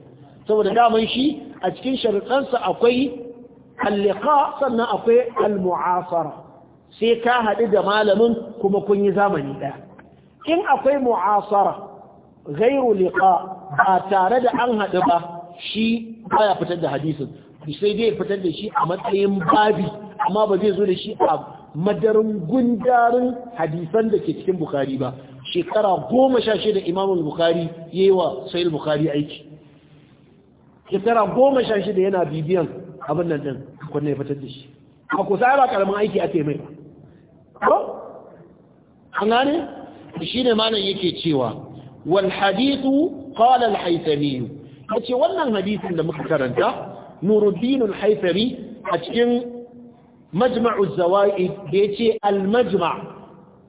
saboda daman shi a cikin sharaɗansa akwai alliƙa sannan akwai almu'asara sai ka haɗu da malamin kuma kun yi zamani ɗaya in akwai mu'asara gairu liƙa ba tare da an haɗu ba shi baya fitar da hadisin sai dai fitar da shi a matsayin babi amma ba zai zo da shi a madarin gundarin hadisan da ke cikin bukari ba shekara goma sha shida imamun bukari ya yi wa sayil bukari aiki shekara goma sha shida yana bibiyan abin nan ɗin kwanne ya fitar da shi a kusa ba karamin aiki ake mai ba an gane shi ne nan yake cewa wal hadithu qala al haythami yace wannan hadisin da muka karanta nuruddin haifari a cikin majma'u zawaid da yace al-majma'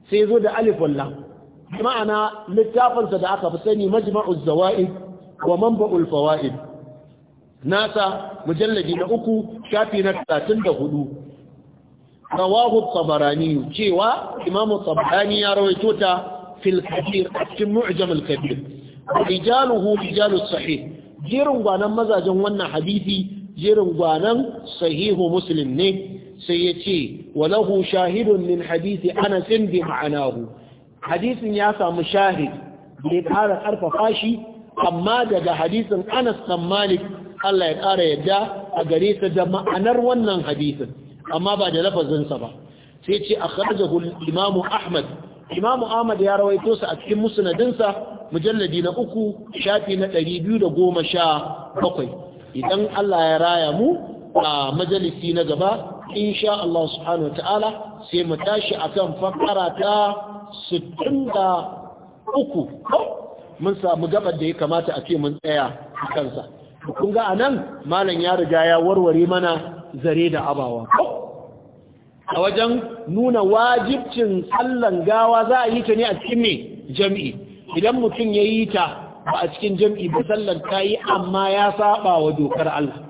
sai da alif wallah ma'ana littafinsa da aka fi sani majma'u zawaid wa manba'ul fawaid nasa mujalladi na uku shafi na 34 rawahu at cewa imam'u at ya rawaito ta fil kabir cikin mu'jam al-kabir rijaluhu rijalus sahih jirin gwanan mazajen wannan hadisi jerin gwanan sahihu muslim ne sai ya ce walahu shahidun min hadisi anasin bi ma'anahu hadisin ya samu shahid bai ƙara ƙarfafa shi amma daga hadisin anas ɗan malik Allah ya ƙara yadda a gare sa da ma'anar wannan hadisin amma ba da lafazinsa ba sai ce akhrajahu al-imamu ahmad imamu ahmad ya rawaito sa a cikin musnadinsa mujalladi na uku shafi na 217 idan Allah ya raya mu a majalisi na gaba insha Allah subhanahu wataala sai mu tashi akan fakara ta 63 mun samu gabar da ya kamata a ce mun tsaya kansa kun ga anan malam ya riga ya warware mana zare da abawa a wajen nuna wajibcin sallan gawa za a yi ta ne a cikin jami'i idan mutum ya yi ta ba a cikin jam'i ba sallar ta yi amma ya saba wa dokar Allah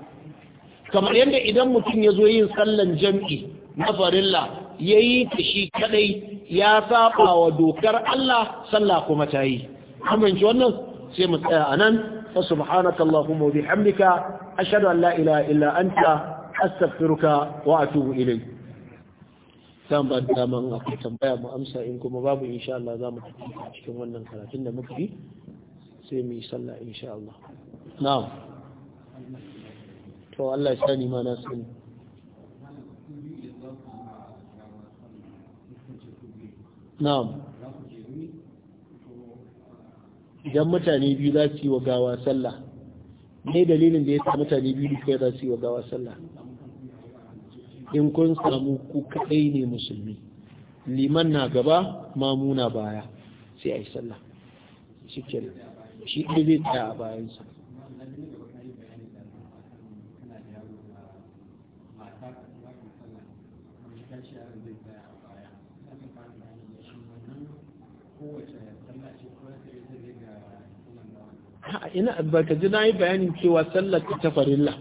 kamar yadda idan mutum ya zo yin sallan jam'i na farilla ya yi ta shi kadai ya saba wa dokar Allah sallah kuma ta yi amince wannan sai mu tsaya a nan fa subhanaka allahumma hamdika ashhadu an la ilaha illa anta astaghfiruka wa atubu ilayk san ban da man akwai tambaya mu amsa in kuma babu insha Allah za mu cikin wannan karatun da muka yi sai mu yi sallah insha Allah na'am to Allah ya sani ma na sani na'am idan mutane biyu za su yi wa gawa sallah ne dalilin da ya sa mutane biyu kai za su yi wa gawa sallah in kun samu ku kaɗai ne musulmi liman na gaba mamuna baya sai a yi sallah shi kenan shi ɗaya zai tsaya a bayansa ina albarkaci na yi bayanin cewa sallar ta farilla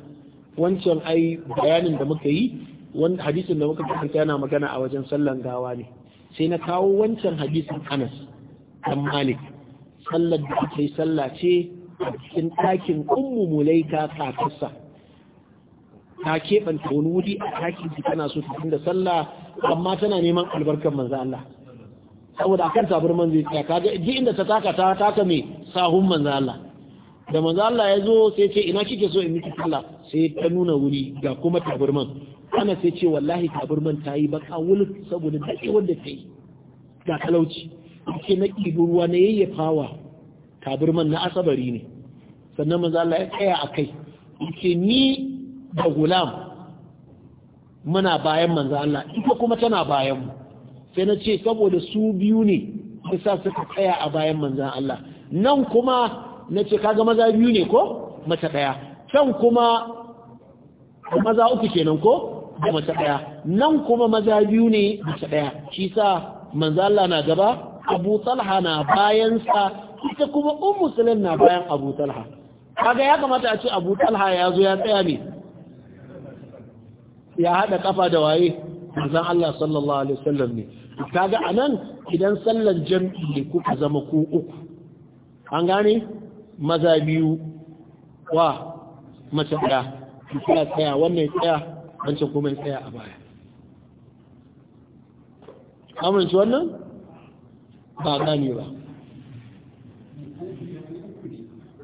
wancan ai bayanin da muka yi wani hadisin da muka kanta yana magana a wajen sallan gawa ne sai na kawo wancan hadisin anas dan malik sallar da aka yi sallah ce a cikin ɗakin ummu ta kakarsa ta keɓanta wani wuri a ɗakin ta tana so ta da sallah amma tana neman albarkar manzo Allah saboda akan taburman zai tsaya kaga ji inda ta taka ta taka mai sahun manzo Allah da manzo Allah ya zo sai ce ina kike so in miki sallah sai ta nuna wuri ga kuma taburman. ana sai ce wallahi tabarman ta yi baka wuluk saboda dai wanda ta yi ga talauci ake na ɗibi ruwa na yayyafawa tabirman na asabari ne sannan manzo Allah ya tsaya a kai ce ni da gulam muna bayan manzo Allah ita kuma tana bayan mu sai na ce saboda su biyu ne sa suka tsaya a bayan manzan Allah nan kuma na ce kaga maza biyu ne ko mace ɗaya can kuma maza uku kenan ko da mace ɗaya nan kuma maza biyu ne mace ɗaya shi sa manza Allah na gaba abu talha na bayansa ita kuma un musulun na bayan abu talha kaga ya kamata a ce abu talha ya zo ya tsaya ne ya haɗa kafa da waye manzan Allah sallallahu alaihi wasallam ne kaga anan idan sallan jam'i ne kuka zama ku uku an gane maza biyu wa mace ɗaya kuna tsaya wannan tsaya wancan kuma tsaya a baya amince wannan ba gane ba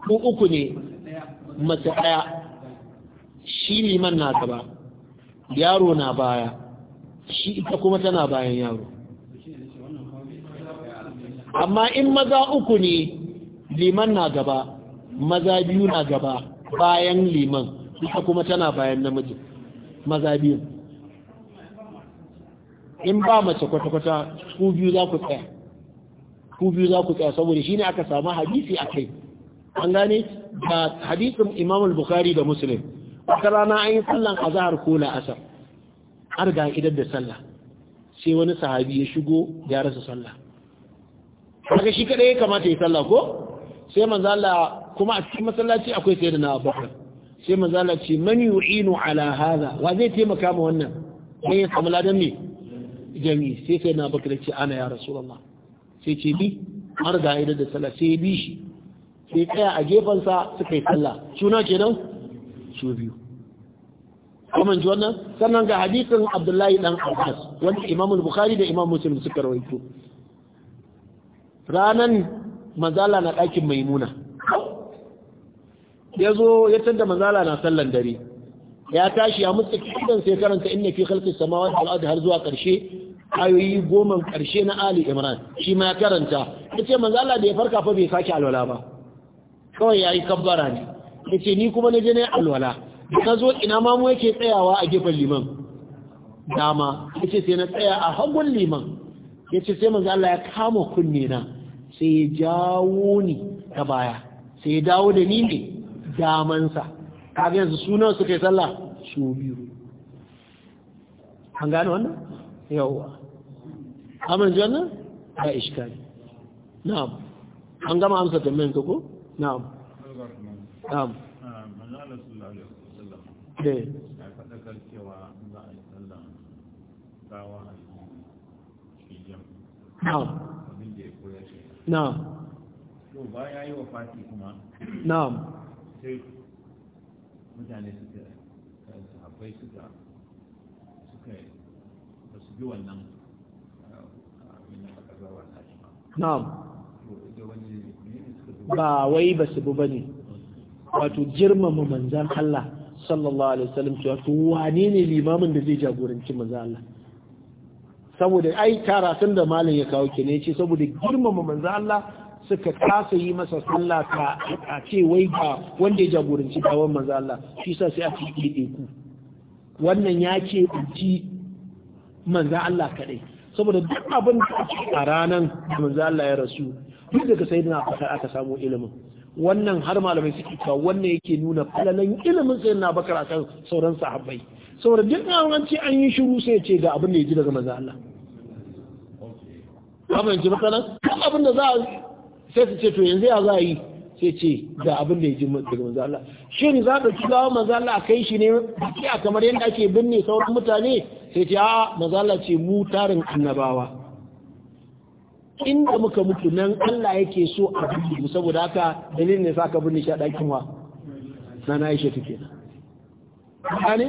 ko uku ne mace ɗaya shi liman na gaba yaro na baya shi ita kuma tana bayan yaro amma in maza uku ne liman na gaba maza biyu na gaba bayan liman ita kuma tana bayan namiji maza biyu in ba mace kwata-kwata su biyu za ku tsaya ku biyu za ku tsaya saboda shi ne aka samu hadisi a kai an gane da hadisin imam bukhari da muslim wata rana an yi sallan zahar ko la'asar har ga idan da sallah sai wani sahabi ya shigo ya rasa sallah kaga shi kadai ya kamata ya sallah ko sai manzala kuma a cikin masallaci akwai sai na Abubakar sai manzala ce man yu'inu ala haza wa zai taimaka ma wannan sai ya samu ladan ne Jami sai sai na Abubakar ce ana ya rasu Allah sai ce bi har da idan da sallah sai bi shi sai tsaya a gefansa suka yi sallah shuna kenan su biyu kuma ji wannan sannan ga hadisin Abdullahi dan Abbas wanda Imam Bukhari da Imam Muslim suka rawaito ranan mazala na ɗakin Maimuna yazo ya tada mazala na sallan dare ya tashi ya mutsa kidan sai karanta inna fi khalqis samawati wal ardi har zuwa karshe ayoyi goma ƙarshe na Ali Imran shi ma ya karanta yace manzo Allah da ya farka fa bai sake alwala ba kawai yayi kabbara ne yace ni kuma naje ne alwala na zo ina ma mu yake tsayawa a gefen liman dama yace sai na tsaya a hagun liman yace sai manzo Allah ya kama kunne na sai ya jawo ni ta baya sai ya dawo da ni ne damansa kaga yanzu sunan su yi sallah su biyu an gane wannan yawwa amin ji wannan ba na abu an gama amsa tambayin ka ko na'am
na'am da eh. na'am na'am to baya yi wa fati kuma na'am sai mutane suka sahabbai suka bi wannan
na'am ba wai ba su bane ne wato girmama manzan Allah sallallahu alaihi wasallam cewa to wane ne limamin da zai jagoranci manzan Allah saboda ai karatun da malam ya kawo ki ne ce saboda girmama manzan Allah suka kasa yi masa sallah ka a ce wai ba wanda ya jagoranci dawon manzan Allah shi sa sai a ce ku wannan ya ce ji manzan Allah kadai saboda duk abin da a ranan manzo Allah ya rasu duk daga sayyidina a aka samu ilimin wannan har malamai suke cewa wannan yake nuna falalan ilimin sayyidina Abubakar akan sauran sahabbai saboda duk an ce an yi shiru sai ce ga abin da ya ji daga manzo Allah abin ji matsalan kan abin da za a sai su ce to yanzu ya za a yi sai ce ga abin da ya ji daga manzo Allah shin za ka ci gawa manzo Allah a kai shi ne a kamar yadda ake binne sauran mutane sai ce a manzo Allah ce mu tarin annabawa inda muka mutu nan Allah yake so a binne mu saboda haka dalilin ne saka binne shi a ɗakin wa na na Aisha take ne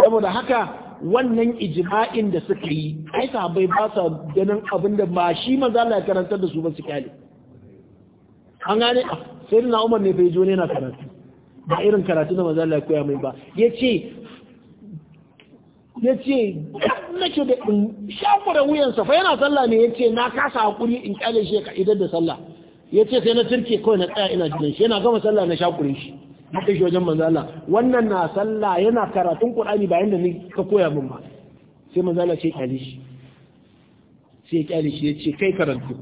saboda haka wannan ijma'in da suka yi ai sahabbai ba sa ganin abin da ba shi manzo Allah ya karantar da su ba su kyale an gane a, sai na umar ne fejo ne na karatu ba irin karatu na mazala ya koya mai ba ya ce ya ce nake da in da wuyansa fa yana sallah ne ya ce na kasa hakuri in kyale shi ka idan da sallah ya ce sai na turke kawai na tsaya ina jinan shi yana gama sallah na shakurin shi na kai shi wajen Manzala. wannan na sallah yana karatun Qur'ani ba yanda ni ka koya min ba sai Manzala ce kyale shi sai kyale shi ya ce kai karatu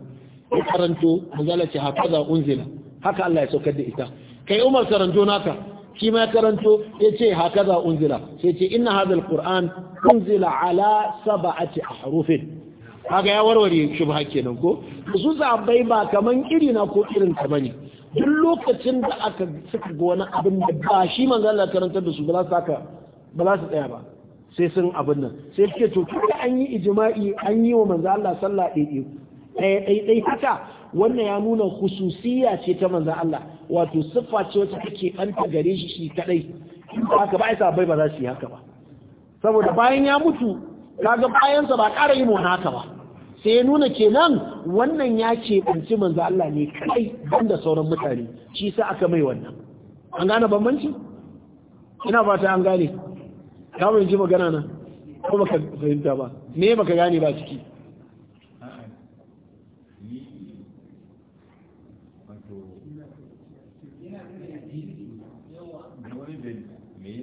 ya karanto manzala ce za unzila haka Allah ya saukar da ita kai Umar karanto naka shi ma karanto ya ce haka za unzila sai ce ina hadal qur'an unzila ala saba a ce a harufin. kaga ya warware shubha nan ko su sahabbai ba kaman iri na ko irin ka bane duk lokacin da aka suka ga wani abin da ba shi manzo Allah karantar da su ba za su ba za su tsaya ba sai sun abin nan sai suke to an yi ijma'i an yi wa manzo Allah sallah ɗaiɗaiku ɗaya ɗaiɗai haka wannan ya nuna hususiya ce ta manzan Allah wato siffa ce wacce take ɓanta gare shi shi kaɗai haka ba isa bai ba za su yi haka ba saboda bayan ya mutu kaga bayansa ba ƙara yi mona haka ba sai ya nuna kenan wannan ya ce ɓanci manzan Allah ne kaɗai ban da sauran mutane shi sa aka mai wannan an gane bambanci ina fata an gane ka ji magana nan ko baka fahimta ba me baka gane ba ciki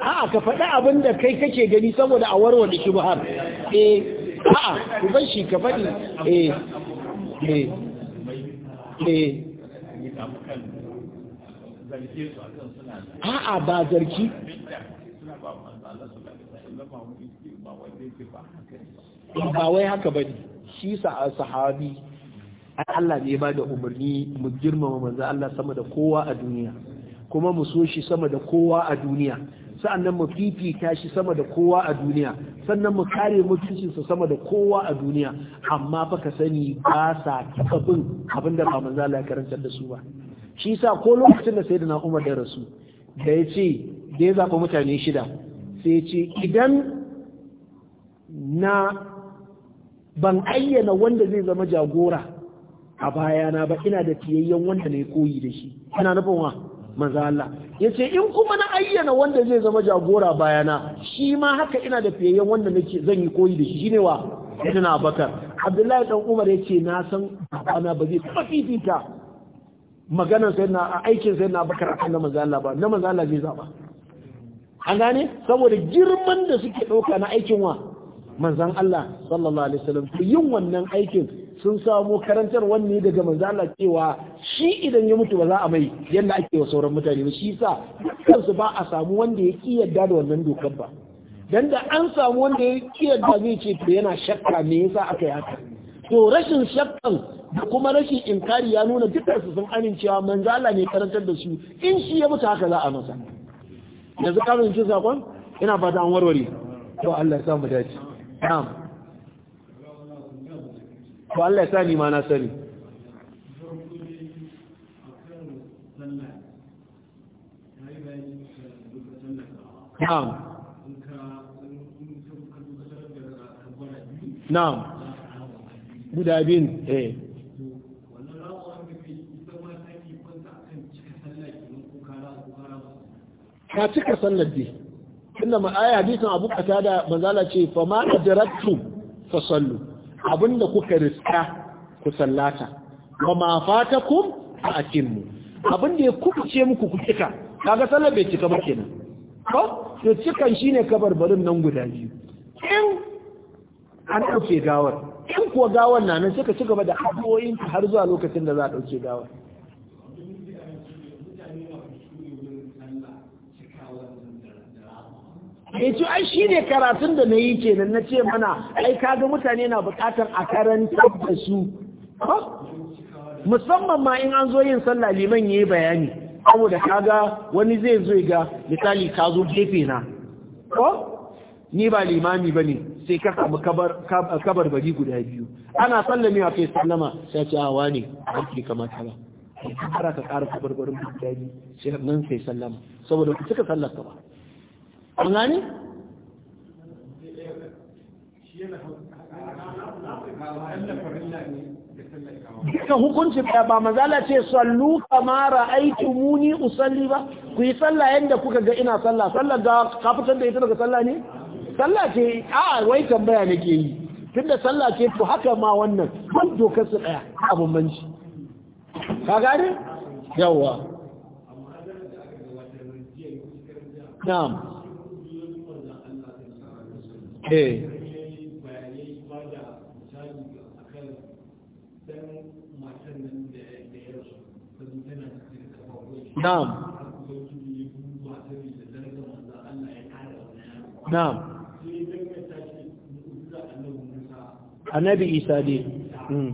a'a ka faɗi abin da kai kake gani saboda a warware shi eh a'a ku bar shi ka faɗi eh eh eh
a'a ba zarki ba
wai haka ba ne shi sahabi Allah ne ba da umarni mu girmama manzan Allah sama da kowa a duniya kuma mu so shi sama da kowa a duniya sa'annan mu fifita shi sama da kowa a duniya sannan mu kare mutuncinsa sama da kowa a duniya amma fa ka sani ba sa taɓa bin abin da ba Allah ya karanta da su ba shi sa ko lokacin da sayyidina Umar da rasu da ya ce da ya zaɓa mutane shida sai ce idan na ban ayyana wanda zai zama jagora a bayana ba ina da tiyayyen wanda na yi koyi da shi ina nufin wa manzo Allah yace in kuma na ayyana wanda zai zama jagora bayana shi ma haka ina da fiyayyen wanda nake zan yi koyi da shi shine wa Sayyidina Abubakar Abdullahi dan Umar yace na san ana ba zai taba fifita maganar sayyidina aikin sayyidina Abubakar akan na manzo Allah ba na manzo Allah zai zaba an gane saboda girman da suke dauka na aikin wa manzan Allah sallallahu alaihi wasallam yin wannan aikin sun samo karantar wanne daga manzo Allah cewa shi idan ya mutu ba za a mai yadda ake wa sauran mutane ba shi sa kansu ba a samu wanda ya ki yarda da wannan dokar ba dan da an samu wanda ya ki yarda zai ce to yana shakka me yasa aka yi haka to rashin shakkan da kuma rashin inkari ya nuna dukkan su sun amincewa manzo ne karantar da su in shi ya mutu haka za a masa yanzu ka fahimci sakon ina fata an warware to Allah ya samu dace to Allah ya sa ni ma na sani na'am na'am guda bin eh ka cika sallar dai inda ma aya hadisin abu kata da manzala ce fa ma adraktum fa sallu da kuka riska ku sallata wa ma fatakum fa atimmu abinda ya kubuce muku ku cika kaga sallar bai cika ba kenan ko to cikan shine kabarbarin nan guda biyu in an ɗauke gawar in kuwa gawar na nan suka ci gaba da addu'o'in har zuwa lokacin da za a ɗauke gawar ya eh, ce ai shi ne karatun da na yi kenan na ce mana ai kaga mutane na bukatar a karanta da su musamman ma in an zo yin sallah liman ya yi bayani saboda kaga wani zai zo ga misali ka zo gefe na ko ni ba limami ba ne sai ka samu kabar bari guda biyu ana sallame a kai sallama sai ce awa ne ake kamata ba ka kara kabar barin guda biyu sai nan sai sallama saboda sallar sallaka ba an gane? hukunci hukuncin ba mazala ce sallu kamara aiki muni usalli ba, ku yi sallah yadda kuka ga ina sallah, sallah ga kafitan da ita daga sallah ne? Sallah ce, a wai tambaya nake yi, tun da sallah ce to haka ma wannan, ban dokar su ɗaya abin bambanci. Ka gane? Yawwa.
Na'am. eh na'am na'am
annabi isa dai hmm.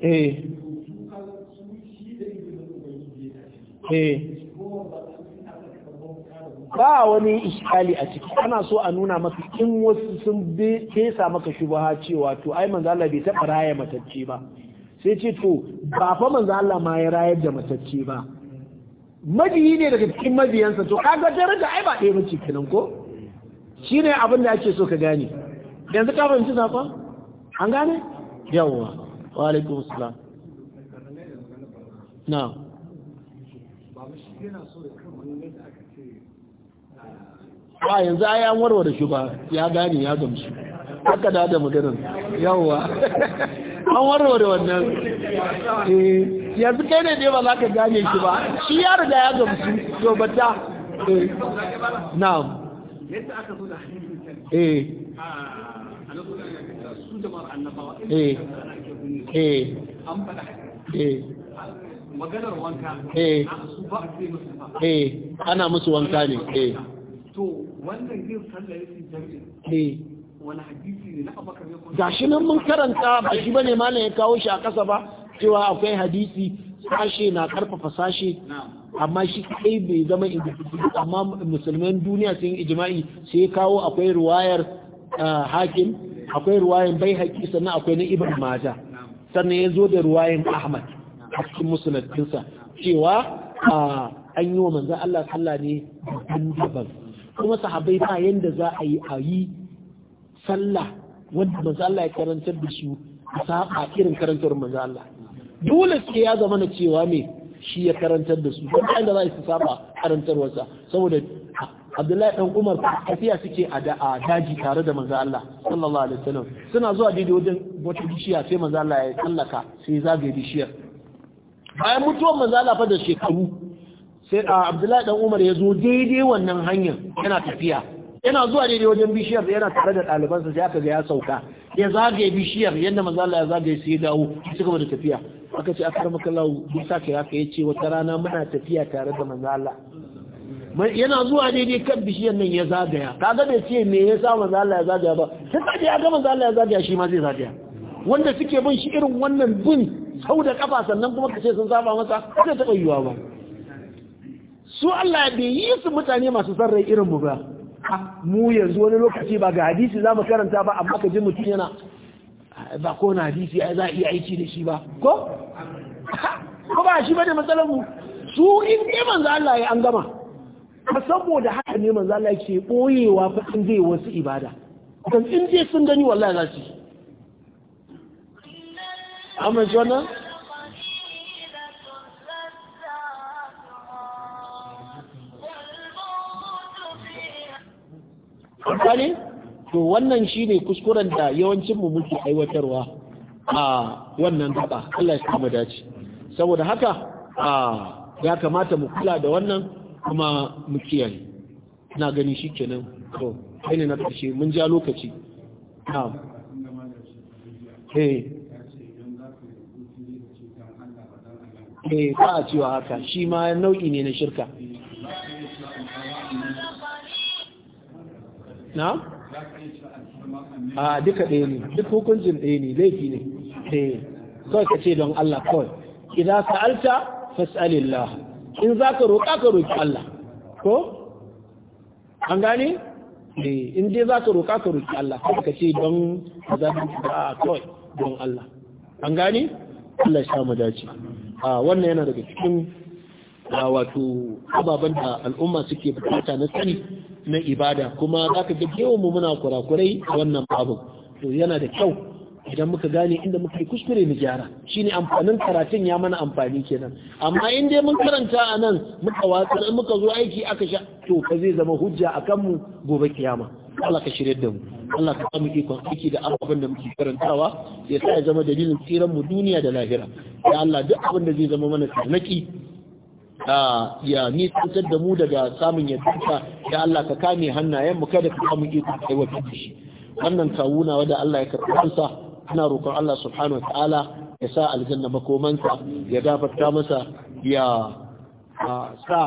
eh eh ba wani iskali a ciki ana so a nuna maka in wasu sun fesa maka shubaha cewa to ai manzo Allah bai taɓa raya matacce ba sai ce to ba fa manzo Allah ma ya rayar da matacce ba majiyi ne daga cikin mabiyansa to kaga daraja ai ba ɗaya bace kenan ko shine abin da ake so ka gane yanzu ka fahimci sakon an gane yawwa wa alaikum assalam na
ba shi yana so
a yanzu a ya warware shi ba ya gane ya gamsu haka da da maganin yawwa an warware wannan eh, yanzu kai ne dai ba za ka gane shi ba shi ya riga ya gamsu to bata eh. na'am
eh. na, maganar wanka su ba a ce musu ba eh ana musu wanka ne eh to wannan yin sallar yin jami'in eh. wani hadisi ne na abakar nan mun karanta ba shi bane
malam ya kawo shi a kasa ba cewa akwai hadisi sashe na karfafa sashe amma shi kai bai zama amma musulman duniya sun ijma'i sai kawo akwai ruwayar ah, hakim akwai ruwayan bai haƙi sannan akwai na ibn mata sannan ya zo da ruwayan ahmad a cikin musuluncinsa cewa ah, an yi wa manzan allah sallah ne daban kuma sahabbai ba yanda za a yi a yi sallah wanda manzo Allah ya karantar da su a saba irin karantar manzo Allah dole sai ya zama na cewa me shi ya karantar da su don da za su saba karantarwarsa saboda Abdullahi dan Umar tafiya suke a daji tare da manzo Allah sallallahu alaihi wasallam suna zuwa daidai wajen wata bishiya sai manzo Allah ya tsallaka sai ya zagaye bishiyar bayan mutuwar manzo Allah fa da shekaru sai abdullahi dan umar ya zo daidai wannan hanyar yana tafiya yana zuwa daidai wajen bishiyar da yana tare da ɗalibansa sai aka ga ya sauka ya zagaye bishiyar yadda maza Allah ya zagaye sai ya dawo su gaba da tafiya aka ce akar maka lau bisa ka ya ya ce wata rana muna tafiya tare da maza Allah yana zuwa daidai kan bishiyar nan ya zagaya kaga da ce me yasa maza Allah ya zagaya ba sai ka ya ga maza Allah ya zagaya shi ma zai zagaya wanda suke bin shi irin wannan bin sau da kafa sannan kuma ka ce sun saba masa ba zai taɓa yiwuwa ba su Allah bai yi su mutane masu sarrai irin mu ba mu yanzu wani lokaci ba ga hadisi za mu karanta ba amma ka ji mutum yana ba ko na hadisi za a iya aiki da shi ba ko ko ba shi ba da matsalar mu su in dai manzo Allah ya an gama saboda haka ne manzo Allah yake boyewa fa in zai wasu ibada kan in dai sun gani wallahi za su amma shi wannan ne to wannan shine kuskuren da yawancin mu muke aiwatarwa a wannan gaba Allah ya sami dace saboda haka a ya kamata mu kula da wannan kuma mu kiyaye ina gani shikenan to kai ne na ƙarshe mun ja lokaci na'am eh eh ba a cewa haka shi ma nau'i ne na shirka na a duka ɗaya ne duk hukuncin ɗaya ne laifi ne eh kawai ka ce don Allah kawai ka alta fas'alillah in za ka roƙa ka roƙi Allah ko an gane eh in dai za ka roƙa ka roƙi Allah kawai ka ce don zabi a kawai don Allah an gane Allah ya samu dace a wannan yana daga cikin a wato ababen da al'umma suke bukata na sani na ibada kuma za ka ga mu muna kurakurai a wannan babu to yana da kyau idan muka gane inda muka yi kuskure mu gyara shine amfanin karatun ya mana amfani kenan amma in dai mun karanta a nan muka watsar muka zo aiki aka sha to ka zai zama hujja a kanmu gobe kiyama Allah ka shirye da mu Allah ka samu ikon aiki da abubuwan da muke karantawa ya sa ya zama dalilin tsiran mu duniya da lahira ya Allah duk abin da zai zama mana tsanaki. ya nisantar da mu daga samun yadda ya Allah ka kame hannayen mu kada ka samu iko aiwatar da shi wannan kawuna wanda Allah ya karɓi sa ana roƙon Allah subhanahu wa ta'ala ya sa aljanna makomansa ya gafarta masa ya sa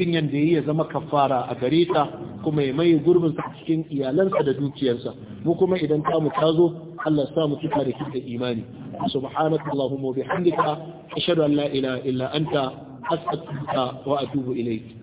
jinyan da ya zama kafara a gare ta kuma ya mai gurbin sa cikin iyalansa da dukiyarsa mu kuma idan ta mu tazo Allah sa mu tuka da imani subhanakallahumma wa bihamdika ashhadu an la ilaha illa anta أستغفرك وأتوب إليك